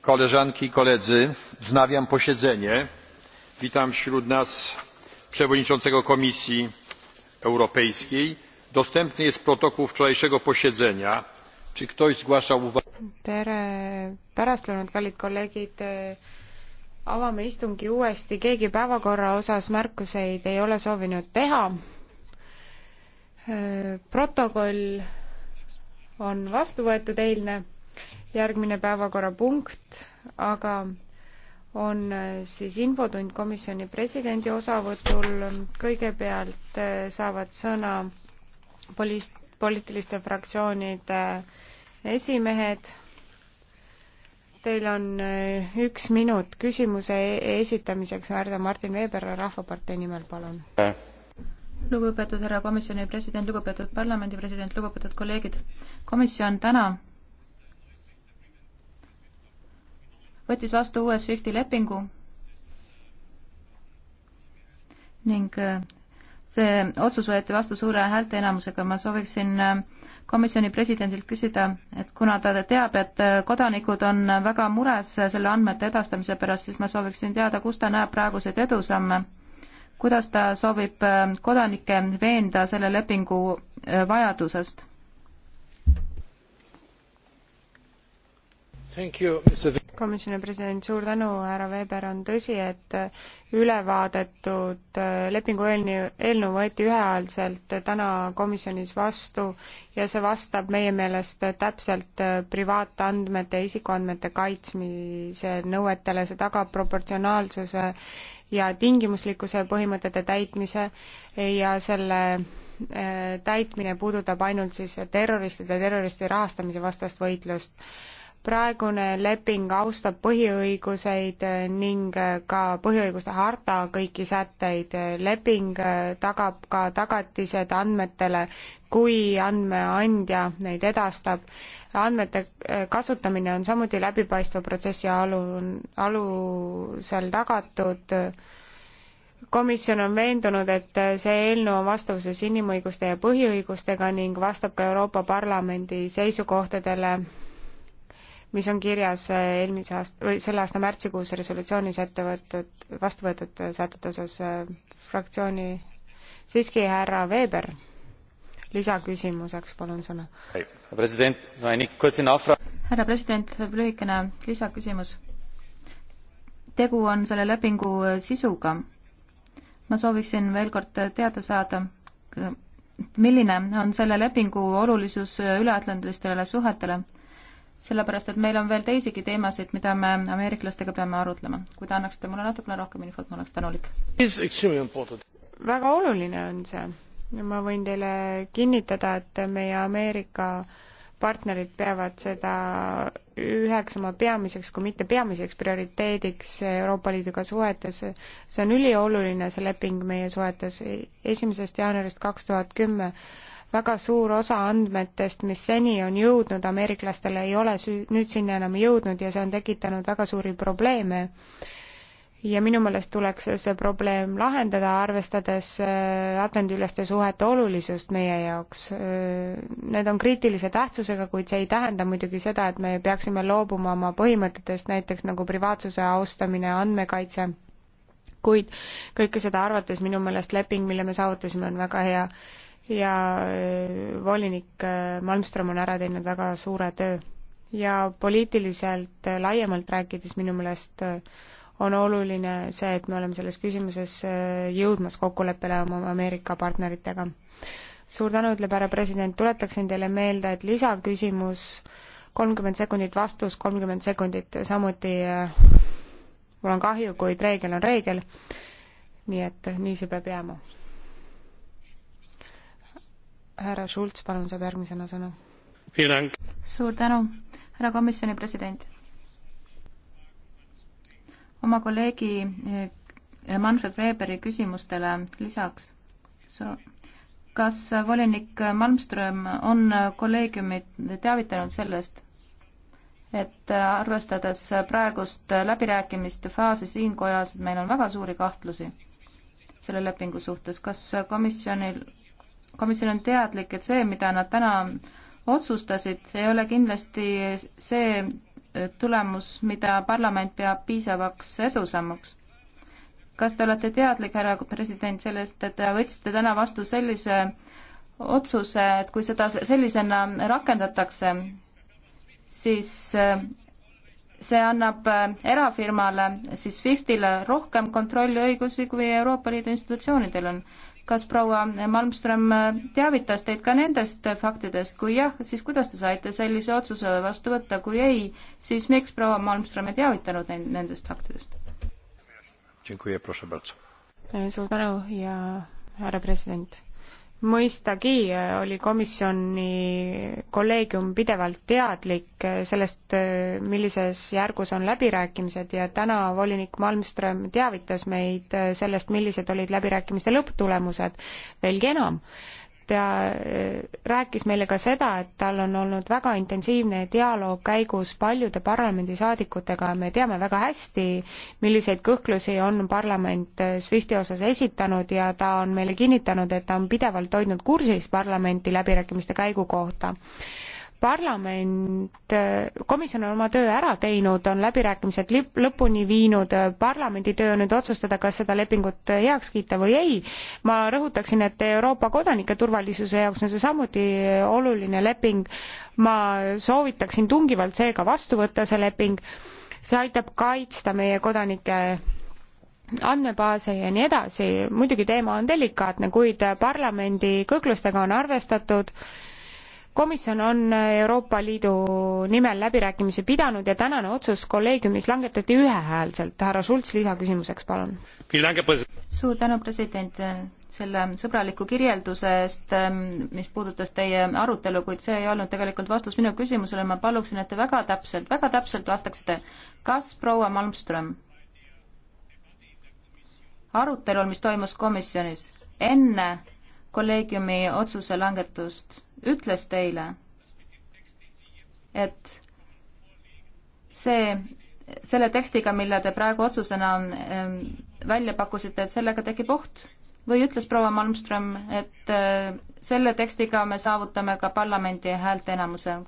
koleżanki i koledzy wznawiam posiedzenie. witam wśród nas przewodniczącego komisji europejskiej. dostępny jest protokół wczorajszego posiedzenia. czy ktoś zgłasza uwagi? tere pärastlõunat kallid kolleegid avame istungi uuesti keegi päevakorra osas märkuseid ei ole soovinud teha protokoll on vastu võetud eilne järgmine päevakorrapunkt, aga on äh, siis infotund komisjoni presidendi osavõtul. kõigepealt äh, saavad sõna poliit-, poliitiliste fraktsioonide esimehed. Teil on äh, üks minut küsimuse e-, esitamiseks, härra Martin Veber Rahvapartei nimel, palun. lugupeetud härra komisjoni president, lugupeetud parlamendi president, lugupeetud kolleegid. komisjon täna võttis vastu uue SWIFTi lepingu ning äh, see otsus võeti vastu suure häälteenamusega, ma sooviksin äh, komisjoni presidendilt küsida, et kuna ta teab, et äh, kodanikud on väga mures selle andmete edastamise pärast, siis ma sooviksin teada, kus ta näeb praeguseid edusamme, kuidas ta soovib kodanikke veenda selle lepingu vajadusest? Thank you, Mr komisjoni president, suur tänu, härra Weber, on tõsi, et ülevaadetud äh, lepingu eelnõu, eelnõu võeti ühehäälselt äh, täna komisjonis vastu ja see vastab meie meelest äh, täpselt privaatandmete ja isikuandmete kaitsmise nõuetele, see tagab proportsionaalsuse ja tingimuslikkuse põhimõtete täitmise ja selle täitmine puudutab ainult siis terroristide ja terroristi rahastamise vastast võitlust praegune leping austab põhiõiguseid ning ka põhiõiguste harta kõiki sätteid. leping tagab ka tagatised andmetele, kui andmeandja neid edastab. andmete kasutamine on samuti läbipaistva protsessi alu, alusel tagatud komisjon on veendunud, et see eelnõu on vastavuses inimõiguste ja põhiõigustega ning vastab ka Euroopa Parlamendi seisukohtadele mis on kirjas eh, eelmise aasta või selle aasta märtsikuus resolutsioonis ette võetud, vastu võetud eh, sätete osas eh, fraktsiooni, siiski härra Weber, lisaküsimuseks palun sõna. härra president, lühikene lisaküsimus. tegu on selle lepingu sisuga. ma sooviksin veel kord teada saada, milline on selle lepingu olulisus üleatlandilistele suhetele sellepärast, et meil on veel teisigi teemasid, mida me ameeriklastega peame arutlema. kui te annaksite mulle natukene rohkem infot, ma oleks tänulik. väga oluline on see ja ma võin teile kinnitada, et meie Ameerika partnerid peavad seda üheks oma peamiseks, kui mitte peamiseks prioriteediks Euroopa Liiduga suhetes. see on ülioluline, see leping meie suhetes. esimesest jaanuarist kaks tuhat kümme väga suur osa andmetest, mis seni on jõudnud ameeriklastele, ei ole süü-, nüüd sinna enam jõudnud ja see on tekitanud väga suuri probleeme. ja minu meelest tuleks see probleem lahendada, arvestades äh, Atlandi-üleste suhete olulisust meie jaoks. Äh, need on kriitilise tähtsusega, kuid see ei tähenda muidugi seda, et me peaksime loobuma oma põhimõtetest, näiteks nagu privaatsuse austamine, andmekaitse kuid kõike seda arvates minu meelest leping, mille me saavutasime, on väga hea ja äh, volinik äh, Malmström on ära teinud väga suure töö. ja poliitiliselt äh, laiemalt rääkides minu meelest on oluline see, et me oleme selles küsimuses jõudmas kokkuleppele oma Ameerika partneritega. suur tänu, ütleb härra president, tuletaksin teile meelde, et lisaküsimus, kolmkümmend sekundit vastus, kolmkümmend sekundit samuti, mul on kahju, kuid reegel on reegel, nii et nii see peab jääma härra Schulz, palun, saab järgmisena sõna. suur tänu, härra komisjoni president. oma kolleegi eh, Manfred Weberi küsimustele lisaks so, kas volinik Malmström on kolleegiumi teavitanud sellest, et arvestades praegust läbirääkimiste faasi siin kojas, et meil on väga suuri kahtlusi selle lepingu suhtes, kas komisjonil komisjon on teadlik, et see, mida nad täna otsustasid, ei ole kindlasti see eh, tulemus, mida parlament peab piisavaks edusammuks. kas te olete teadlik, härra president, sellest, et te võtsite täna vastu sellise otsuse, et kui seda sellisena rakendatakse, siis eh, see annab eh, erafirmale, siis SWIFTile rohkem kontrolliõigusi, kui Euroopa Liidu institutsioonidel on kas proua Malmström teavitas teid ka nendest faktidest, kui jah, siis kuidas te saite sellise otsuse vastu võtta, kui ei, siis miks proua Malmström ei teavitanud nendest faktidest? suur tänu ja härra president mõistagi äh, oli komisjoni kolleegium pidevalt teadlik äh, sellest, äh, millises järgus on läbirääkimised ja täna volinik Malmström teavitas meid sellest, millised olid läbirääkimiste lõpptulemused. veelgi enam, ja eh, rääkis meile ka seda, et tal on olnud väga intensiivne dialoog käigus paljude parlamendisaadikutega, me teame väga hästi, milliseid kõhklusi on parlament eh, SWIFTi osas esitanud ja ta on meile kinnitanud, et ta on pidevalt hoidnud kursis parlamenti läbirääkimiste käigu kohta parlament, komisjon on oma töö ära teinud, on läbirääkimised lõpuni viinud, parlamendi töö on nüüd otsustada, kas seda lepingut heaks kiita või ei. ma rõhutaksin, et Euroopa kodanike turvalisuse jaoks on see samuti oluline leping. ma soovitaksin tungivalt seega vastu võtta see leping, see aitab kaitsta meie kodanike andmebaase ja nii edasi, muidugi teema on delikaatne, kuid parlamendi kõhklustega on arvestatud komisjon on Euroopa Liidu nimel läbirääkimisi pidanud ja tänane otsus kolleegiumis langetati ühehäälselt. härra Schulz, lisaküsimuseks, palun. suur tänu, president, selle sõbraliku kirjelduse eest, ähm, mis puudutas teie arutelu, kuid see ei olnud tegelikult vastus minu küsimusele. ma paluksin, et te väga täpselt, väga täpselt vastaksite. kas proua Malmström arutelul, mis toimus komisjonis enne kolleegiumi otsuse langetust ütles teile, et see, selle tekstiga, mille te praegu otsusena ähm, välja pakkusite, et sellega tekib oht või ütles proua Malmström, et äh, selle tekstiga me saavutame ka parlamendi häälteenamuse?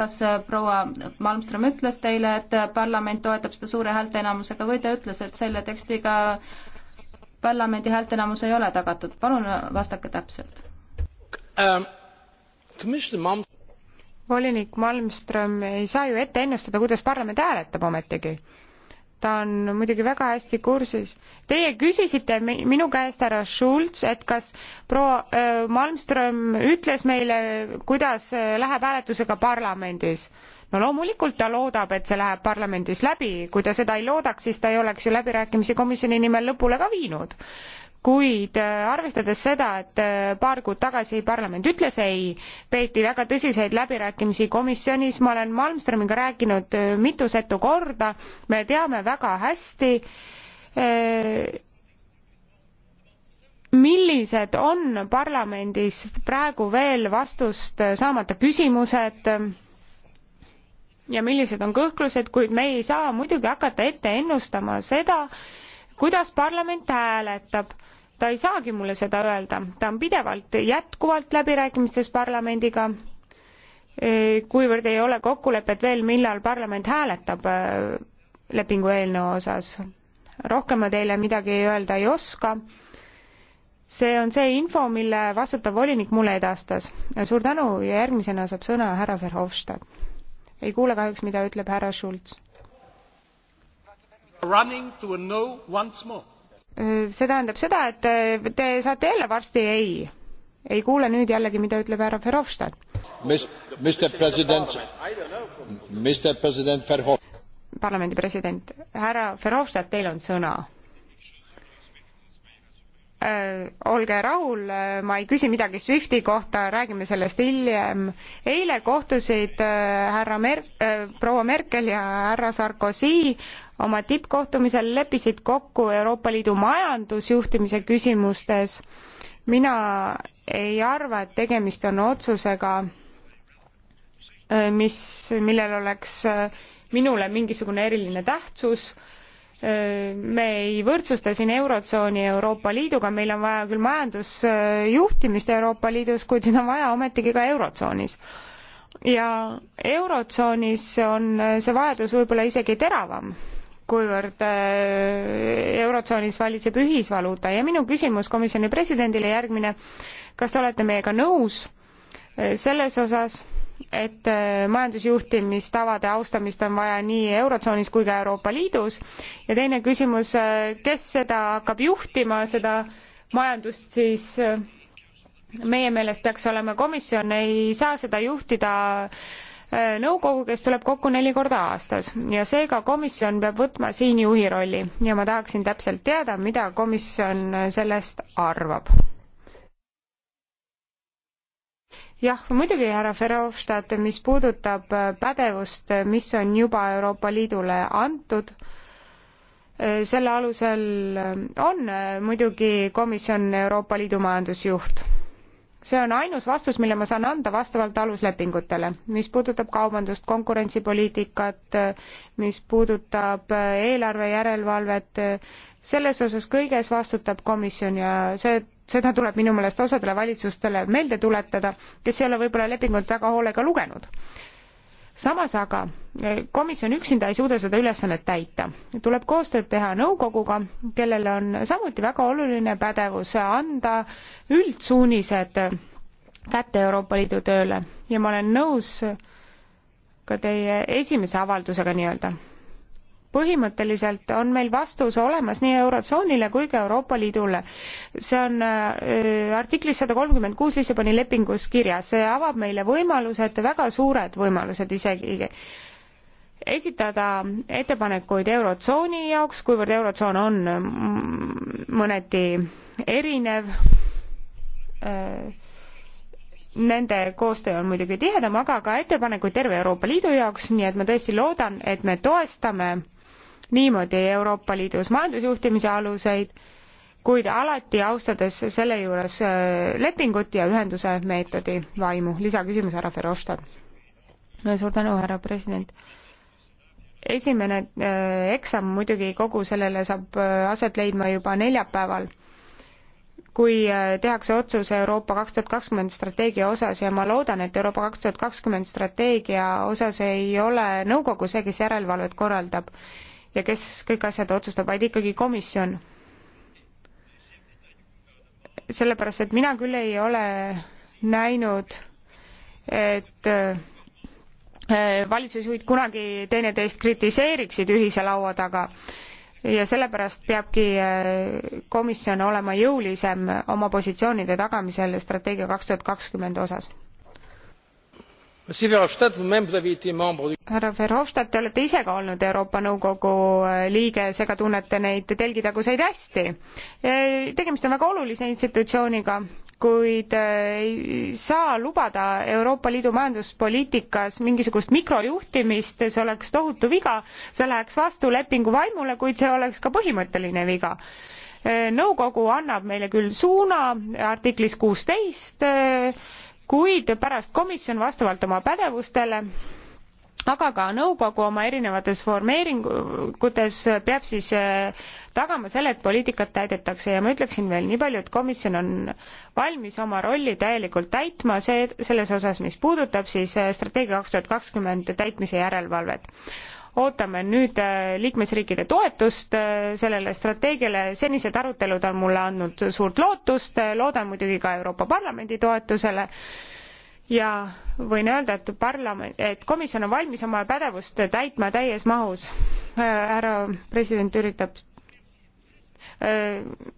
kas äh, proua Malmström ütles teile, et äh, parlament toetab seda suure häälteenamusega või ta ütles, et selle tekstiga parlamendi häälteenamus ei ole tagatud, palun vastake täpselt um, volinik Malmström ei saa ju ette ennustada, kuidas parlament hääletab ometigi. ta on muidugi väga hästi kursis. Teie küsisite minu käest, härra Schulz, et kas proua äh, Malmström ütles meile, kuidas äh, läheb hääletusega parlamendis no loomulikult ta loodab, et see läheb parlamendis läbi, kui ta seda ei loodaks, siis ta ei oleks ju läbirääkimisi komisjoni nimel lõpule ka viinud kuid äh, arvestades seda, et äh, paar kuud tagasi parlament ütles ei, peeti väga tõsiseid läbirääkimisi komisjonis, ma olen Malmströmiga rääkinud äh, mitu-setu korda, me teame väga hästi, millised on parlamendis praegu veel vastust saamata küsimused ja millised on kõhklused, kuid me ei saa muidugi hakata ette ennustama seda, kuidas parlament hääletab ta ei saagi mulle seda öelda, ta on pidevalt jätkuvalt läbirääkimistes parlamendiga, kuivõrd ei ole kokkulepet veel, millal parlament hääletab äh, lepingu eelnõu osas. rohkem ma teile midagi öelda ei oska. see on see info, mille vastutav volinik mulle edastas. suur tänu ja järgmisena saab sõna härra Verhofstadt. ei kuule kahjuks, mida ütleb härra Schulz. Running to a no once more see tähendab seda, et eh, te saate jälle varsti ei. ei kuule nüüd jällegi, mida ütleb härra Verhofstadt. Mr President, Mr President Verhofstadt. parlamendi president, härra Verhofstadt, teil on sõna äh, olge rahul, äh, ma ei küsi midagi Swifti kohta, räägime sellest hiljem. eile kohtusid äh, härra Mer- äh,, proua Merkel ja härra Sarkozy oma tippkohtumisel, leppisid kokku Euroopa Liidu majandusjuhtimise küsimustes. mina ei arva, et tegemist on otsusega, äh, mis, millel oleks äh, minule mingisugune eriline tähtsus äh, me ei võrdsusta siin Eurotsooni Euroopa Liiduga, meil on vaja küll majandusjuhtimist Euroopa Liidus, kuid seda on vaja ometigi ka Eurotsoonis. ja Eurotsoonis on see vajadus võib-olla isegi teravam, kuivõrd Eurotsoonis valitseb ühisvaluuta ja minu küsimus komisjoni presidendile järgmine, kas te olete meiega nõus selles osas, et äh, majandusjuhtimistavade austamist on vaja nii Eurotsoonis kui ka Euroopa Liidus ja teine küsimus, äh, kes seda hakkab juhtima, seda majandust siis äh, meie meelest peaks olema komisjon, ei saa seda juhtida nõukogu, kes tuleb kokku neli korda aastas ja seega komisjon peab võtma siin juhi rolli ja ma tahaksin täpselt teada, mida komisjon sellest arvab jah, muidugi, härra Verhofstadt, mis puudutab äh, pädevust, äh, mis on juba Euroopa Liidule antud, äh, selle alusel on muidugi komisjon Euroopa Liidu majandusjuht. see on ainus vastus, mille ma saan anda vastavalt aluslepingutele, mis puudutab kaubandust, konkurentsipoliitikat, mis puudutab eelarve järelevalvet, selles osas kõiges vastutab komisjon ja see seda tuleb minu meelest osadele valitsustele meelde tuletada, kes ei ole võib-olla lepingut väga hoolega lugenud. samas aga eh, komisjon üksinda ei suuda seda ülesannet täita. tuleb koostööd teha nõukoguga, kellel on samuti väga oluline pädevus anda üldsuunised kätte Euroopa Liidu tööle ja ma olen nõus ka teie esimese avaldusega nii-öelda põhimõtteliselt on meil vastus olemas nii Eurotsoonile kui ka Euroopa Liidule. see on äh, artiklis sada kolmkümmend kuus Lissaboni lepingus kirjas, see avab meile võimalused, väga suured võimalused isegi, esitada ettepanekuid Eurotsooni jaoks, kuivõrd Eurotsoon on mm, mõneti erinev äh,, nende koostöö on muidugi tihedam, aga ka ettepanekuid terve Euroopa Liidu jaoks, nii et ma tõesti loodan, et me toestame niimoodi Euroopa Liidus majandusjuhtimise aluseid, kuid alati austades selle juures äh, lepingut ja ühenduse meetodi vaimu. lisaküsimus, härra Verhofstadt. suur tänu, härra president esimene äh, eksam muidugi kogu sellele saab äh, aset leidma juba neljapäeval, kui tehakse otsus Euroopa kaks tuhat kakskümmend strateegia osas ja ma loodan, et Euroopa kaks tuhat kakskümmend strateegia osas ei ole nõukogu see, kes järelevalvet korraldab ja kes kõik asjad otsustab, vaid ikkagi komisjon. sellepärast, et mina küll ei ole näinud, et äh, valitsusjuhid kunagi teineteist kritiseeriksid ühise laua taga ja sellepärast peabki äh, komisjon olema jõulisem oma positsioonide tagamisel strateegia kaks tuhat kakskümmend osas härra Verhofstadt, te olete ise ka olnud Euroopa Nõukogu äh, liige, seega tunnete neid telgitaguseid hästi. Äh, tegemist on väga olulise institutsiooniga, kuid äh, ei saa lubada Euroopa Liidu majanduspoliitikas mingisugust mikrojuhtimist, see oleks tohutu viga, see läheks vastu lepingu vaimule, kuid see oleks ka põhimõtteline viga nõukogu annab meile küll suuna artiklis kuusteist kuid pärast komisjon vastavalt oma pädevustele aga ka nõukogu oma erinevates formeeringutes peab siis eh, tagama selle, et poliitikat täidetakse ja ma ütleksin veel nii palju, et komisjon on valmis oma rolli täielikult täitma, see, selles osas, mis puudutab siis eh, strateegia kaks tuhat kakskümmend täitmise järelevalvet ootame nüüd äh, liikmesriikide toetust äh, sellele strateegiale, senised arutelud on mulle andnud suurt lootust, äh, loodan muidugi ka Euroopa Parlamendi toetusele ja võin öelda, et parlament, et komisjon on valmis oma pädevust täitma täies mahus. härra president üritab,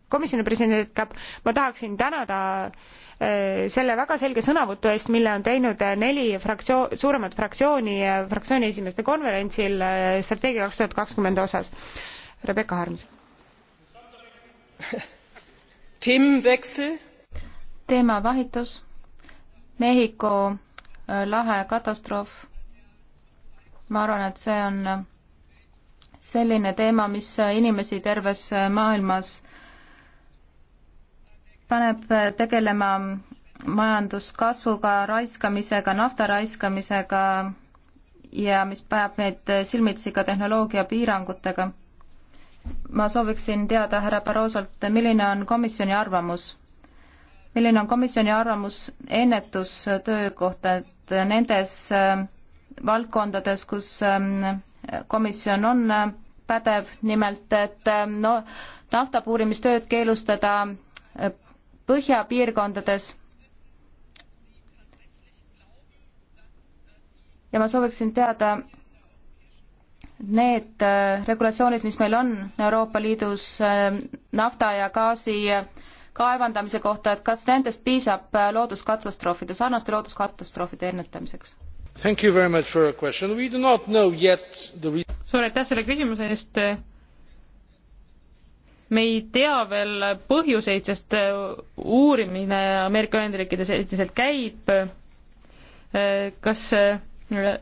komisjoni president ütleb, ma tahaksin tänada ta Äh, selle väga selge sõnavõtu eest, mille on teinud äh, neli fraktsioon, suuremat fraktsiooni äh, fraktsiooni esimeeste konverentsil strateegia kaks tuhat kakskümmend osas. Rebecca Harms. teemavahitus, Mehhiko lahe katastroof. ma arvan, et see on selline teema, mis inimesi terves maailmas paneb tegelema majanduskasvuga, raiskamisega, nafta raiskamisega ja mis paneb meid silmitsi ka tehnoloogia piirangutega. ma sooviksin teada härra Barrosolt, milline on komisjoni arvamus? milline on komisjoni arvamus ennetustöö kohta, et nendes äh, valdkondades, kus ähm, komisjon on äh, pädev, nimelt et äh, no naftapuurimistööd keelustada põhjapiirkondades. ja ma sooviksin teada, need äh, regulatsioonid, mis meil on Euroopa Liidus äh, nafta ja gaasi äh, kaevandamise kohta, et kas nendest piisab looduskatastroofide, sarnaste looduskatastroofide ennetamiseks? suur aitäh selle küsimuse eest me ei tea veel põhjuseid, sest äh, uurimine Ameerika Ühendriikides endiselt käib. Äh, kas äh,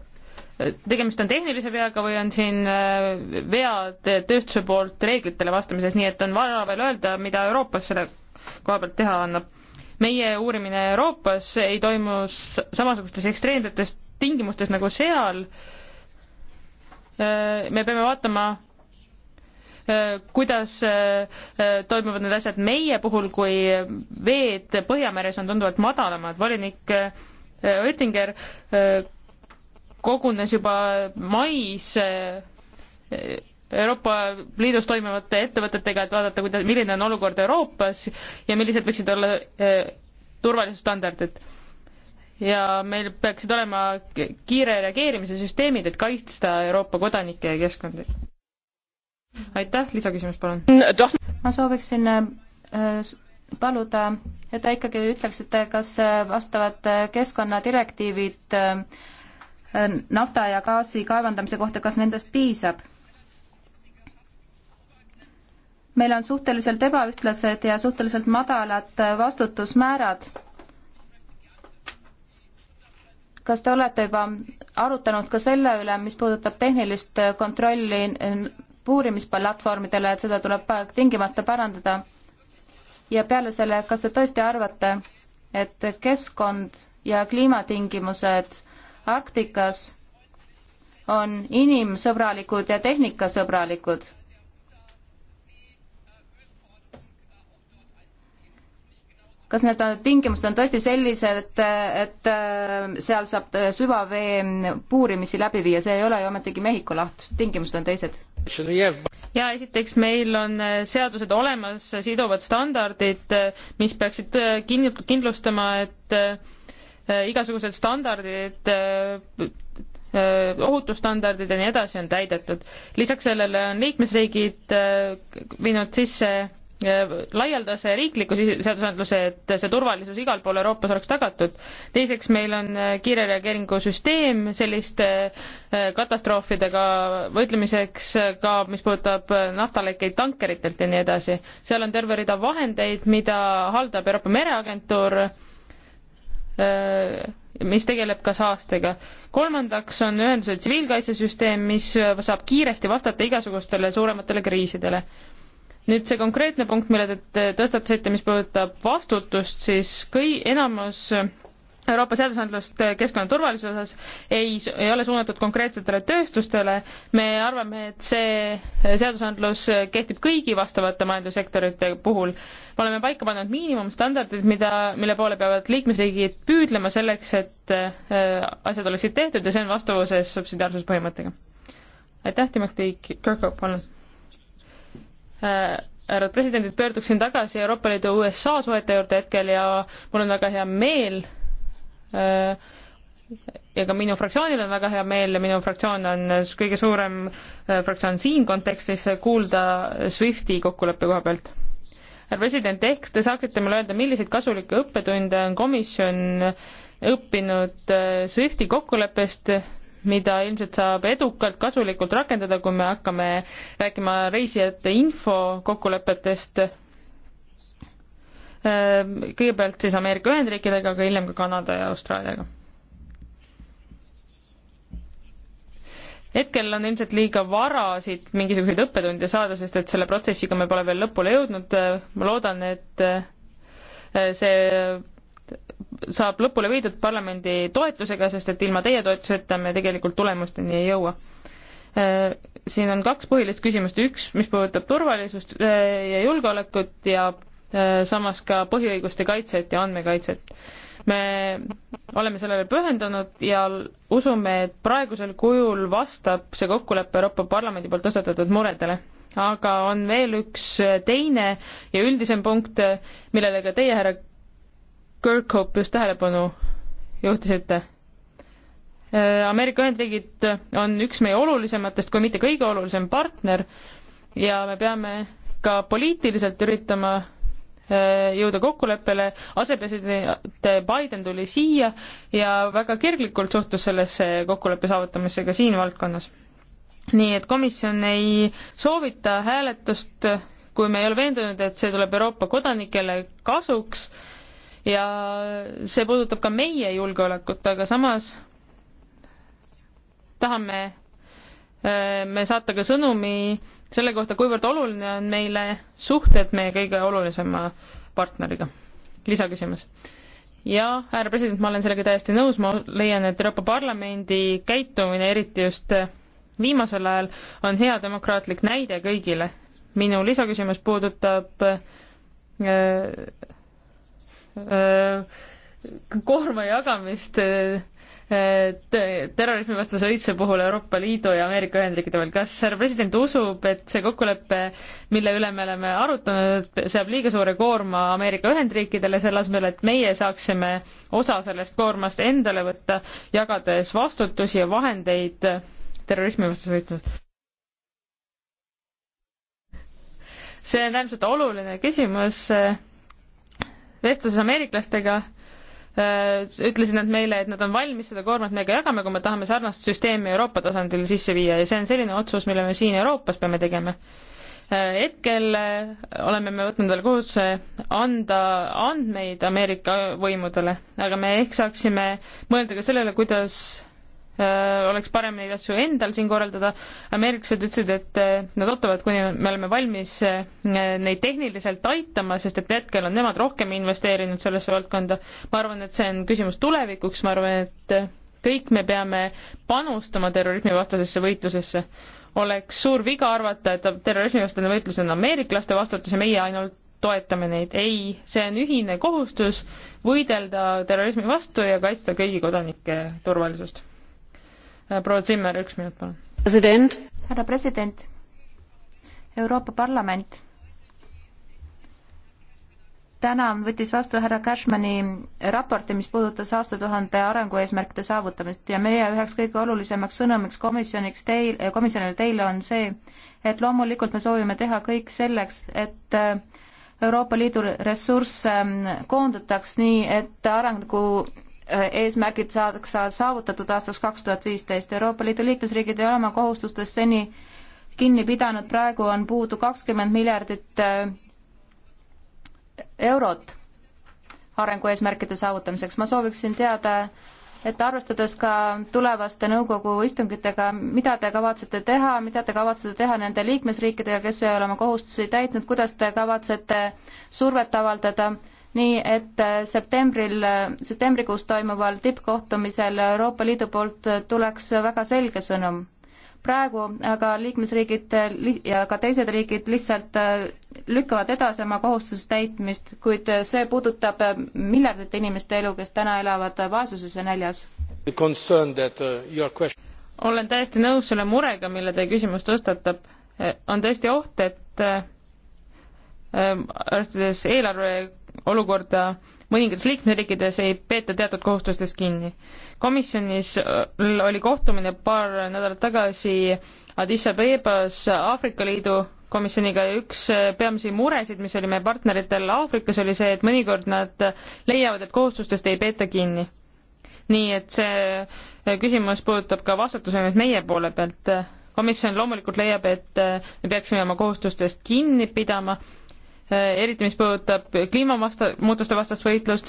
tegemist on tehnilise veaga või on siin vead tööstuse poolt reeglitele vastamises, nii et on vara veel öelda, mida Euroopas selle koha pealt teha annab. meie uurimine Euroopas ei toimu samasugustes ekstreemsetes tingimustes nagu seal. me peame vaatama Äh, kuidas äh, äh, toimuvad need asjad meie puhul, kui veed Põhjameres on tunduvalt madalamad. volinik Oettinger kogunes juba mais Euroopa Liidus toimivate ettevõtetega, et vaadata, kuidas, milline on olukord Euroopas ja millised võiksid olla turvalisusstandardid. ja meil peaksid olema kiire reageerimise süsteemid, et kaitsta Euroopa kodanikke ja keskkondi aitäh, lisaküsimus palun. ma sooviksin äh, paluda, et te ikkagi ütleksite, kas äh, vastavad äh, keskkonnadirektiivid nafta ja gaasi kaevandamise kohta, kas nendest piisab? meil on suhteliselt ebaühtlased ja suhteliselt madalad vastutusmäärad. kas te olete juba arutanud ka selle üle, mis puudutab tehnilist kontrolli puurimisplatvormidele, et seda tuleb tingimata parandada. ja peale selle, kas te tõesti arvate, et keskkond ja kliimatingimused Arktikas on inimsõbralikud ja tehnikasõbralikud? kas need on, tingimused on tõesti sellised, et seal saab süvavee puurimisi läbi viia, see ei ole ju ometigi Mehhiko laht, tingimused on teised? ja esiteks meil on seadused olemas, siduvad standardid, mis peaksid kin-, kindlustama, et äh, igasugused standardid äh, äh, ohutusstandardid ja nii edasi on täidetud. lisaks sellele on liikmesriigid viinud sisse laialdase riikliku seadusandluse, et see turvalisus igal pool Euroopas oleks tagatud. teiseks, meil on äh, kiire reageeringusüsteem selliste äh, katastroofidega võitlemiseks äh, ka, mis puudutab naftalekkeid tankeritelt ja nii edasi. seal on terve rida vahendeid, mida haldab Euroopa Mereagentuur, mis tegeleb ka saastega. kolmandaks on ühenduse tsiviilkaitsesüsteem, mis saab kiiresti vastata igasugustele suurematele kriisidele nüüd see konkreetne punkt, mille te tõstatasite, mis puudutab vastutust, siis kõi-, enamus Euroopa seadusandlust keskkonnaturvalisuse osas ei, ei ole suunatud konkreetsetele tööstustele, me arvame, et see seadusandlus kehtib kõigi vastavate majandussektorite puhul. me oleme paika pannud miinimumstandardid, mida, mille poole peavad liikmesriigid püüdlema selleks, et äh, asjad oleksid tehtud ja see on vastavuses subsidiaarsuspõhimõttega. aitäh, Timothy Kirkhope, palun! Äh, härrad presidendid, pöörduksin tagasi Euroopa Liidu USA suhete juurde hetkel ja mul on väga hea meel äh, ja ka minu fraktsioonil on väga hea meel ja minu fraktsioon on kõige suurem äh, fraktsioon siin kontekstis kuulda SWIFTi kokkuleppe koha pealt. härra president, ehk te saaksite mulle öelda, milliseid kasulikke õppetunde on komisjon õppinud SWIFTi kokkuleppest mida ilmselt saab edukalt, kasulikult rakendada, kui me hakkame rääkima reisijate info kokkulepetest. Ehm, kõigepealt siis Ameerika Ühendriikidega, aga hiljem ka Kanada ja Austraaliaga. hetkel on ilmselt liiga vara siit mingisuguseid õppetunde saada, sest et selle protsessiga me pole veel lõpule jõudnud. ma loodan, et eh, see saab lõpule viidud parlamendi toetusega, sest et ilma teie toetuseta me tegelikult tulemusteni ei jõua. Äh, siin on kaks põhilist küsimust, üks, mis puudutab turvalisust äh, ja julgeolekut ja äh, samas ka põhiõiguste kaitset ja andmekaitset. me oleme sellele pühendunud ja usume, et praegusel kujul vastab see kokkulepe Euroopa Parlamendi poolt tõstatatud muredele aga on veel üks teine ja üldisem punkt, millele ka teie, härra Kirkhope just tähelepanu juhtisite. Äh, Ameerika Ühendriigid on üks meie olulisematest, kui mitte kõige olulisem partner ja me peame ka poliitiliselt üritama äh, jõuda kokkuleppele, asepresident Biden tuli siia ja väga kirglikult suhtus sellesse kokkuleppe saavutamisse ka siin valdkonnas. nii et komisjon ei soovita hääletust, kui me ei ole veendunud, et see tuleb Euroopa kodanikele kasuks ja see puudutab ka meie julgeolekut, aga samas tahame äh, me saata ka sõnumi selle kohta, kuivõrd oluline on meile suhted meie kõige olulisema partneriga. lisaküsimus. ja härra president, ma olen sellega täiesti nõus, ma leian, et Euroopa Parlamendi käitumine, eriti just viimasel ajal, on hea demokraatlik näide kõigile. minu lisaküsimus puudutab äh, Äh, koorma jagamist äh, terrorismivastase võitluse puhul Euroopa Liidu ja Ameerika Ühendriikide vahel. kas härra president usub, et see kokkulepe, mille üle me oleme arutanud, seab liiga suure koorma Ameerika Ühendriikidele, selle asemel, et meie saaksime osa sellest koormast endale võtta, jagades vastutusi ja vahendeid terrorismivastase võitluses? see on äärmiselt oluline küsimus äh, vestluses ameeriklastega äh, ütlesid nad meile, et nad on valmis seda koormat meiega jagama, kui me tahame sarnast süsteemi Euroopa tasandil sisse viia ja see on selline otsus, mille me siin Euroopas peame tegema. Äh, hetkel äh, oleme me võtnud endale kohustuse anda andmeid Ameerika võimudele, aga me ehk saaksime mõelda ka sellele, kuidas Äh, oleks parem neid asju endal siin korraldada. ameeriklased ütlesid, et äh, nad ootavad, kuni me oleme valmis äh, neid tehniliselt aitama, sest et hetkel on nemad rohkem investeerinud sellesse valdkonda. ma arvan, et see on küsimus tulevikuks, ma arvan, et kõik me peame panustama terrorismivastasesse võitlusesse. oleks suur viga arvata, et terrorismivastane võitlus on ameeriklaste vastutus ja meie ainult toetame neid. ei, see on ühine kohustus võidelda terrorismi vastu ja kaitsta kõigi kodanike turvalisust Äh, proua Zimmer, üks minut, palun. president. härra president, Euroopa Parlament täna võttis vastu härra Cashmani raporti, mis puudutas aastatuhande arengueesmärkide saavutamist ja meie üheks kõige olulisemaks sõnumiks komisjoniks teil, äh, komisjonile teile on see, et loomulikult me soovime teha kõik selleks, et äh, Euroopa Liidu ressursse ähm, koondataks nii, et arengu eesmärgid saadakse saavutatud aastaks kaks tuhat viisteist. Euroopa Liidu liikmesriigid ei ole oma kohustustest seni kinni pidanud, praegu on puudu kakskümmend miljardit äh, eurot arengueesmärkide saavutamiseks. ma sooviksin teada, et arvestades ka tulevaste nõukogu istungitega, mida te kavatsete teha, mida te kavatsete teha nende liikmesriikidega, kes ei ole oma kohustusi täitnud, kuidas te kavatsete survet avaldada äh, nii et äh, septembril, äh, septembrikuus toimuval tippkohtumisel Euroopa Liidu poolt äh, tuleks väga selge sõnum. praegu aga liikmesriigid ja ka teised riigid lihtsalt lükkavad edasi oma kohustuse täitmist, kuid see puudutab miljardite inimeste elu, kes täna elavad vaesuses ja näljas. Uh, olen täiesti nõus selle murega, mille teie küsimus tõstatab. on tõesti oht, et arvestades eelarve olukorda mõningates liikmesriikides ei peeta teatud kohustustest kinni. komisjonis äh, oli kohtumine paar nädalat tagasi Addis Abebas Aafrika Liidu komisjoniga ja üks äh, peamisi muresid, mis oli meie partneritel Aafrikas, oli see, et mõnikord nad leiavad, et kohustustest ei peeta kinni. nii et see äh, küsimus puudutab ka vastutuse nüüd meie poole pealt. komisjon loomulikult leiab, et me peaksime oma kohustustest kinni pidama Äh, eriti mis puudutab kliimamuutuste vastast võitlust.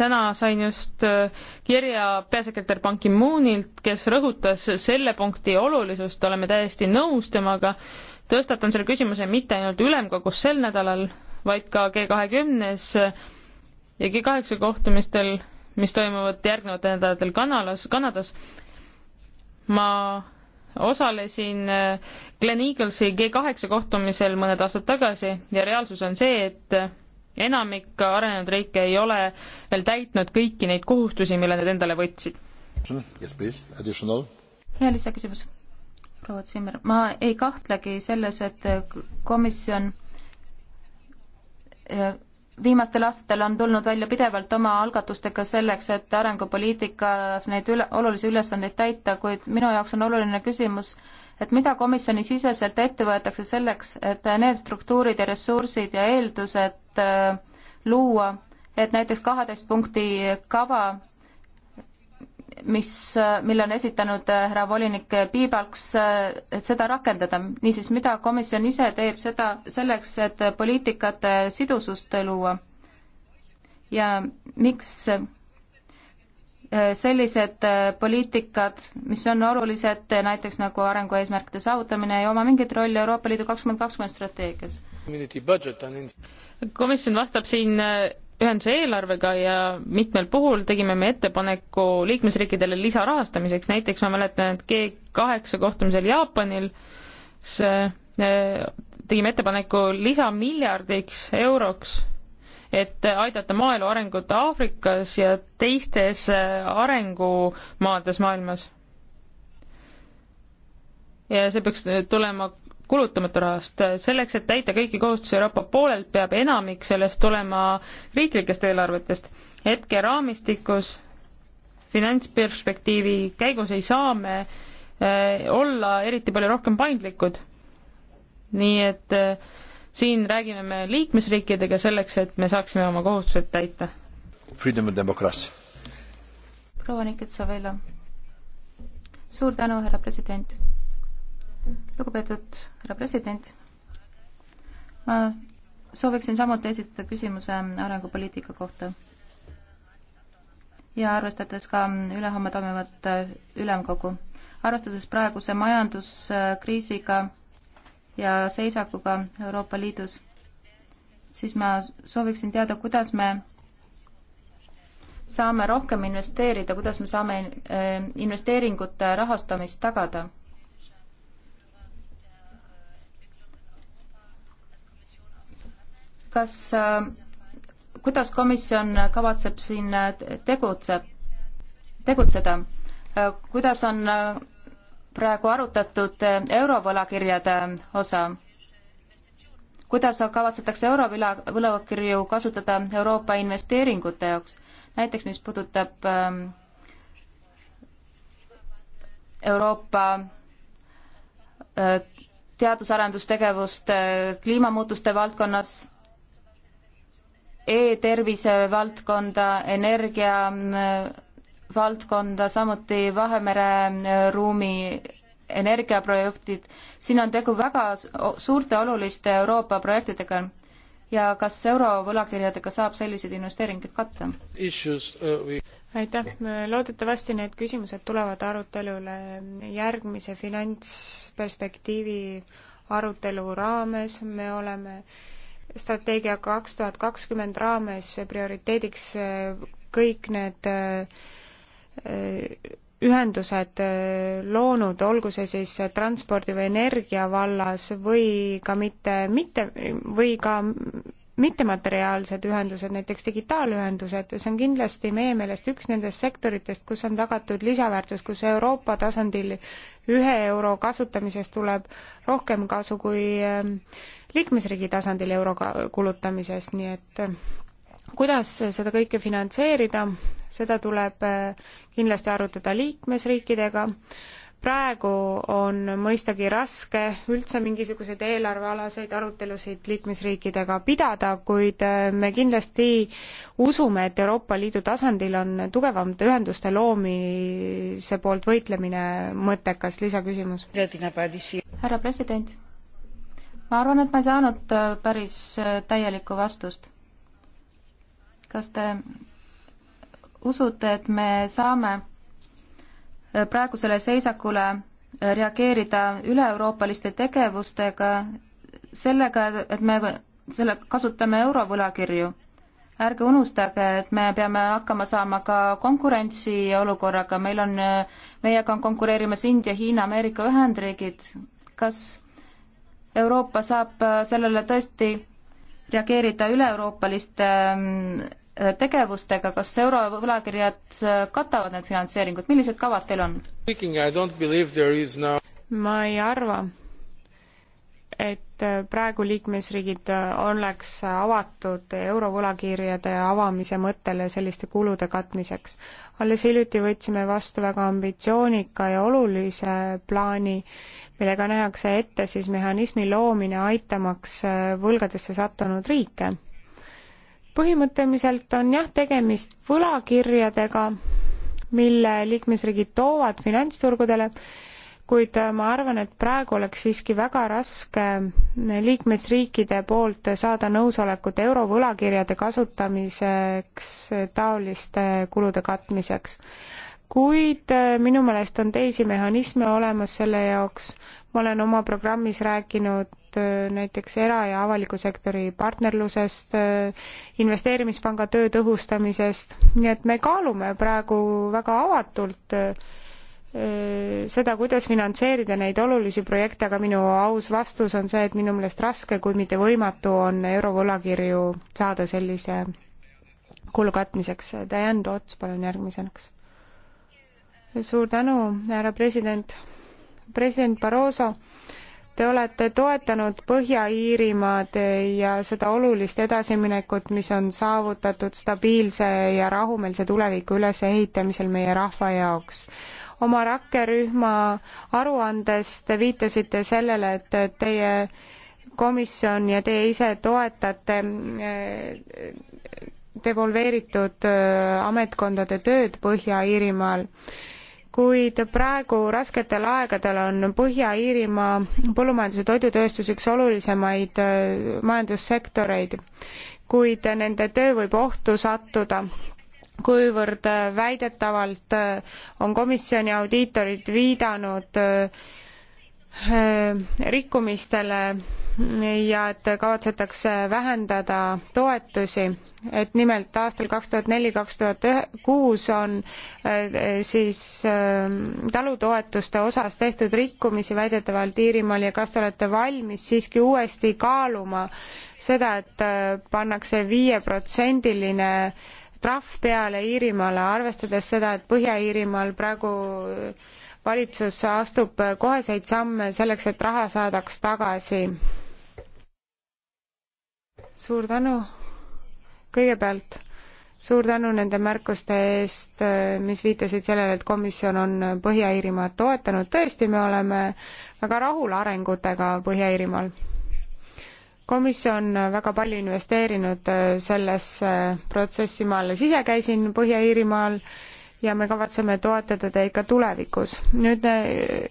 täna sain just äh, kirja peasekretär Ban Ki-moonilt, kes rõhutas selle punkti olulisust, oleme täiesti nõus temaga, tõstatan selle küsimuse mitte ainult ülemkogus sel nädalal, vaid ka G kahekümnes ja G kaheksa kohtumistel, mis toimuvad järgnevatel nädalatel Kanadas, Kanadas. ma osalesin äh, Glen Eaglesi G8 kohtumisel mõned aastad tagasi ja reaalsus on see, et enamik arenenud riike ei ole veel täitnud kõiki neid kohustusi, mille nad endale võtsid. hea lisaküsimus, proua Zimmer. ma ei kahtlegi selles, et komisjon äh, viimastel aastatel on tulnud välja pidevalt oma algatustega selleks, et arengupoliitikas neid üle, olulisi ülesandeid täita, kuid minu jaoks on oluline küsimus, et mida komisjoni siseselt ette võetakse selleks, et need struktuurid ja ressursid ja eeldused äh, luua, et näiteks kaheteist punkti kava mis, mille on esitanud äh, härra volinik Piibalks, äh, et seda rakendada. niisiis, mida komisjon ise teeb seda selleks, et poliitikate sidusust luua? ja miks äh, sellised poliitikad, mis on olulised, näiteks nagu arengueesmärkide saavutamine, ei oma mingit rolli Euroopa Liidu kakskümmend kakskümmend strateegias? komisjon vastab siin ühenduse eelarvega ja mitmel puhul tegime me ettepaneku liikmesriikidele lisarahastamiseks, näiteks ma mäletan, et G kaheksa kohtumisel Jaapanil eh, tegime ettepaneku lisamiljardiks euroks, et aidata maaelu arengut Aafrikas ja teistes eh, arengumaades maailmas. ja see peaks tulema kulutamata rahast. selleks, et täita kõiki kohustusi Euroopa poolelt, peab enamik sellest tulema riiklikest eelarvetest. hetkeraamistikus finantsperspektiivi käigus ei saa me äh, olla eriti palju rohkem paindlikud. nii et äh, siin räägime me liikmesriikidega selleks, et me saaksime oma kohustused täita. Freedom and democracy. proua Nikitsavela. suur tänu, härra president lugupeetud härra president, ma sooviksin samuti esitada küsimuse arengupoliitika kohta. ja arvestades ka ülehomme toimuvat äh, ülemkogu, arvestades praeguse majanduskriisiga ja seisakuga Euroopa Liidus, siis ma sooviksin teada, kuidas me saame rohkem investeerida, kuidas me saame äh, investeeringute rahastamist tagada kas, äh, kuidas komisjon kavatseb siin äh, tegutse, tegutseda? Äh, kuidas on praegu arutatud eurovõlakirjade osa? kuidas kavatsetakse eurovõlakirju kasutada Euroopa investeeringute jaoks, näiteks mis puudutab Euroopa teadus-arendustegevust kliimamuutuste valdkonnas e-tervise valdkonda, energia äh, valdkonda, samuti Vahemere äh, ruumi energiaprojektid. siin on tegu väga suurte oluliste Euroopa projektidega ja kas eurovõlakirjadega saab selliseid investeeringuid katta? Äh, aitäh, loodetavasti need küsimused tulevad arutelule järgmise finantsperspektiivi arutelu raames, me oleme äh, strateegia kaks tuhat kakskümmend raames prioriteediks äh, kõik need äh, ühendused äh, loonud, olgu see siis transpordi või energia vallas või ka mitte, mitte või ka mittemateriaalsed ühendused, näiteks digitaalühendused, see on kindlasti meie meelest üks nendest sektoritest, kus on tagatud lisaväärtus, kus Euroopa tasandil ühe euro kasutamisest tuleb rohkem kasu kui ähm, liikmesriigi tasandil euro kulutamisest, nii et äh, kuidas seda kõike finantseerida, seda tuleb äh, kindlasti arutada liikmesriikidega praegu on mõistagi raske üldse mingisuguseid eelarvealaseid arutelusid liikmesriikidega pidada, kuid äh, me kindlasti usume, et Euroopa Liidu tasandil on tugevamate ühenduste loomise poolt võitlemine mõttekas, lisaküsimus. härra president, ma arvan, et ma ei saanud äh, päris äh, täielikku vastust. kas te usute, et me saame praegusele seisakule reageerida üle-euroopaliste tegevustega, sellega, et me selle, kasutame eurovõlakirju. ärge unustage, et me peame hakkama saama ka konkurentsiolukorraga, meil on, meiega on konkureerimas India, Hiina, Ameerika Ühendriigid. kas Euroopa saab sellele tõesti reageerida üle-euroopaliste tegevustega, kas eurovõlakirjad äh, katavad need finantseeringud, millised kavad teil on? ma ei arva, et äh, praegu liikmesriigid äh, oleks avatud eurovõlakirjade avamise mõttele selliste kulude katmiseks. alles hiljuti võtsime vastu väga ambitsioonika ja olulise plaani, millega nähakse ette siis mehhanismi loomine, aitamaks võlgadesse sattunud riike põhimõtteliselt on jah, tegemist võlakirjadega, mille liikmesriigid toovad finantsturgudele, kuid äh, ma arvan, et praegu oleks siiski väga raske äh, liikmesriikide poolt saada nõusolekut eurovõlakirjade kasutamiseks äh, taoliste kulude katmiseks. kuid minu meelest on teisi mehhanisme olemas selle jaoks, ma olen oma programmis rääkinud koostöö äh, näiteks era- ja avaliku sektori partnerlusest, äh, investeerimispanga töö tõhustamisest, nii et me kaalume praegu väga avatult äh, seda, kuidas finantseerida neid olulisi projekte, aga minu aus vastus on see, et minu meelest raske, kui mitte võimatu on eurovõlakirju saada sellise kulu katmiseks. Diane Toots, palun järgmiseks. suur tänu, härra president. president Barroso Te olete toetanud Põhja-Iirimaad ja seda olulist edasiminekut, mis on saavutatud stabiilse ja rahumeelse tuleviku ülesehitamisel meie rahva jaoks. oma rakkerühma aruandes te viitasite sellele, et teie komisjon ja teie ise toetate eh, devolveeritud eh, ametkondade tööd Põhja-Iirimaal kuid praegu rasketel aegadel on Põhja-Iirimaa põllumajandus- ja toidutööstus üks olulisemaid äh, majandussektoreid, kuid nende töö võib ohtu sattuda kuivõrd äh, väidetavalt äh, on komisjoni audiitorid viidanud rikkumistele ja et kavatsetakse vähendada toetusi, et nimelt aastal kaks tuhat neli, kaks tuhat kuus on äh, siis äh, talutoetuste osas tehtud rikkumisi väidetavalt Iirimaal ja kas te olete valmis siiski uuesti kaaluma seda, et äh, pannakse viieprotsendiline trahv peale Iirimaale, arvestades seda, et Põhja-Iirimaal praegu valitsus astub koheseid samme selleks, et raha saadaks tagasi suur tänu kõigepealt suur tänu nende märkuste eest, mis viitasid sellele, et komisjon on Põhja-Iirimaad toetanud, tõesti, me oleme väga rahul arengutega Põhja-Iirimaal. komisjon väga palju investeerinud äh, sellesse protsessi, ma alles ise käisin Põhja-Iirimaal ja me kavatseme toetada teid ka tulevikus. nüüd äh,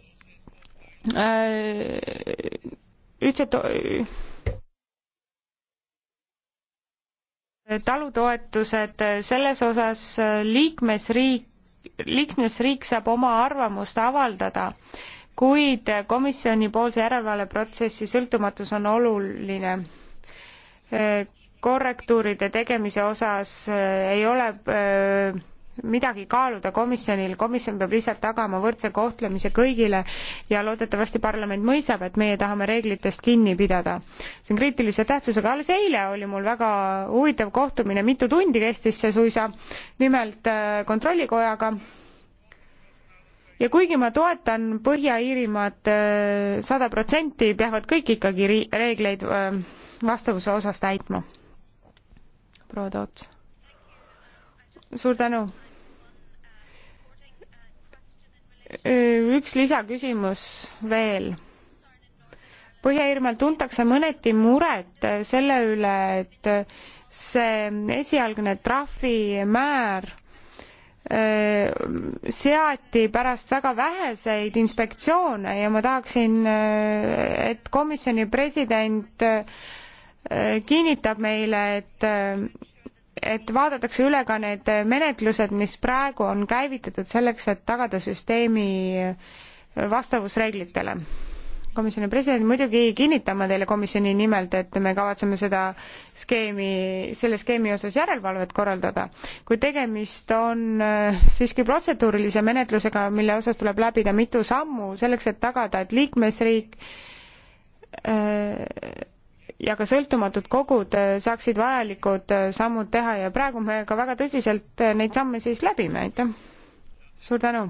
üldse to- talutoetused, selles osas äh, liikmesriik, liikmesriik saab oma arvamust avaldada, kuid komisjonipoolse järelevalveprotsessi sõltumatus on oluline. Äh, korrektuuride tegemise osas äh, ei ole öö, midagi kaaluda komisjonil, komisjon peab lihtsalt tagama võrdse kohtlemise kõigile ja loodetavasti parlament mõistab, et meie tahame reeglitest kinni pidada. see on kriitilise tähtsusega, alles eile oli mul väga huvitav kohtumine, mitu tundi kestis see suisa, nimelt äh, kontrollikojaga, ja kuigi ma toetan Põhja-Iirimaad äh, sada protsenti, peavad kõik ikkagi reegleid äh, vastavuse osas täitma. proua Toots. suur tänu Äh, üks lisaküsimus veel. Põhja-Iirimaal tuntakse mõneti muret selle üle, et see esialgne trahvimäär äh, seati pärast väga väheseid inspektsioone ja ma tahaksin, äh, et komisjoni president kinnitab meile, et et vaadatakse üle ka need menetlused, mis praegu on käivitatud selleks, et tagada süsteemi vastavus reeglitele. komisjoni president, muidugi kinnitan ma teile komisjoni nimelt, et me kavatseme seda skeemi, selle skeemi osas järelevalvet korraldada, kuid tegemist on äh, siiski protseduurilise menetlusega, mille osas tuleb läbida mitu sammu selleks, et tagada, et liikmesriik öö, äh, ja ka sõltumatud kogud äh, saaksid vajalikud äh, sammud teha ja praegu me ka väga tõsiselt äh, neid samme siis läbime, aitäh. suur tänu.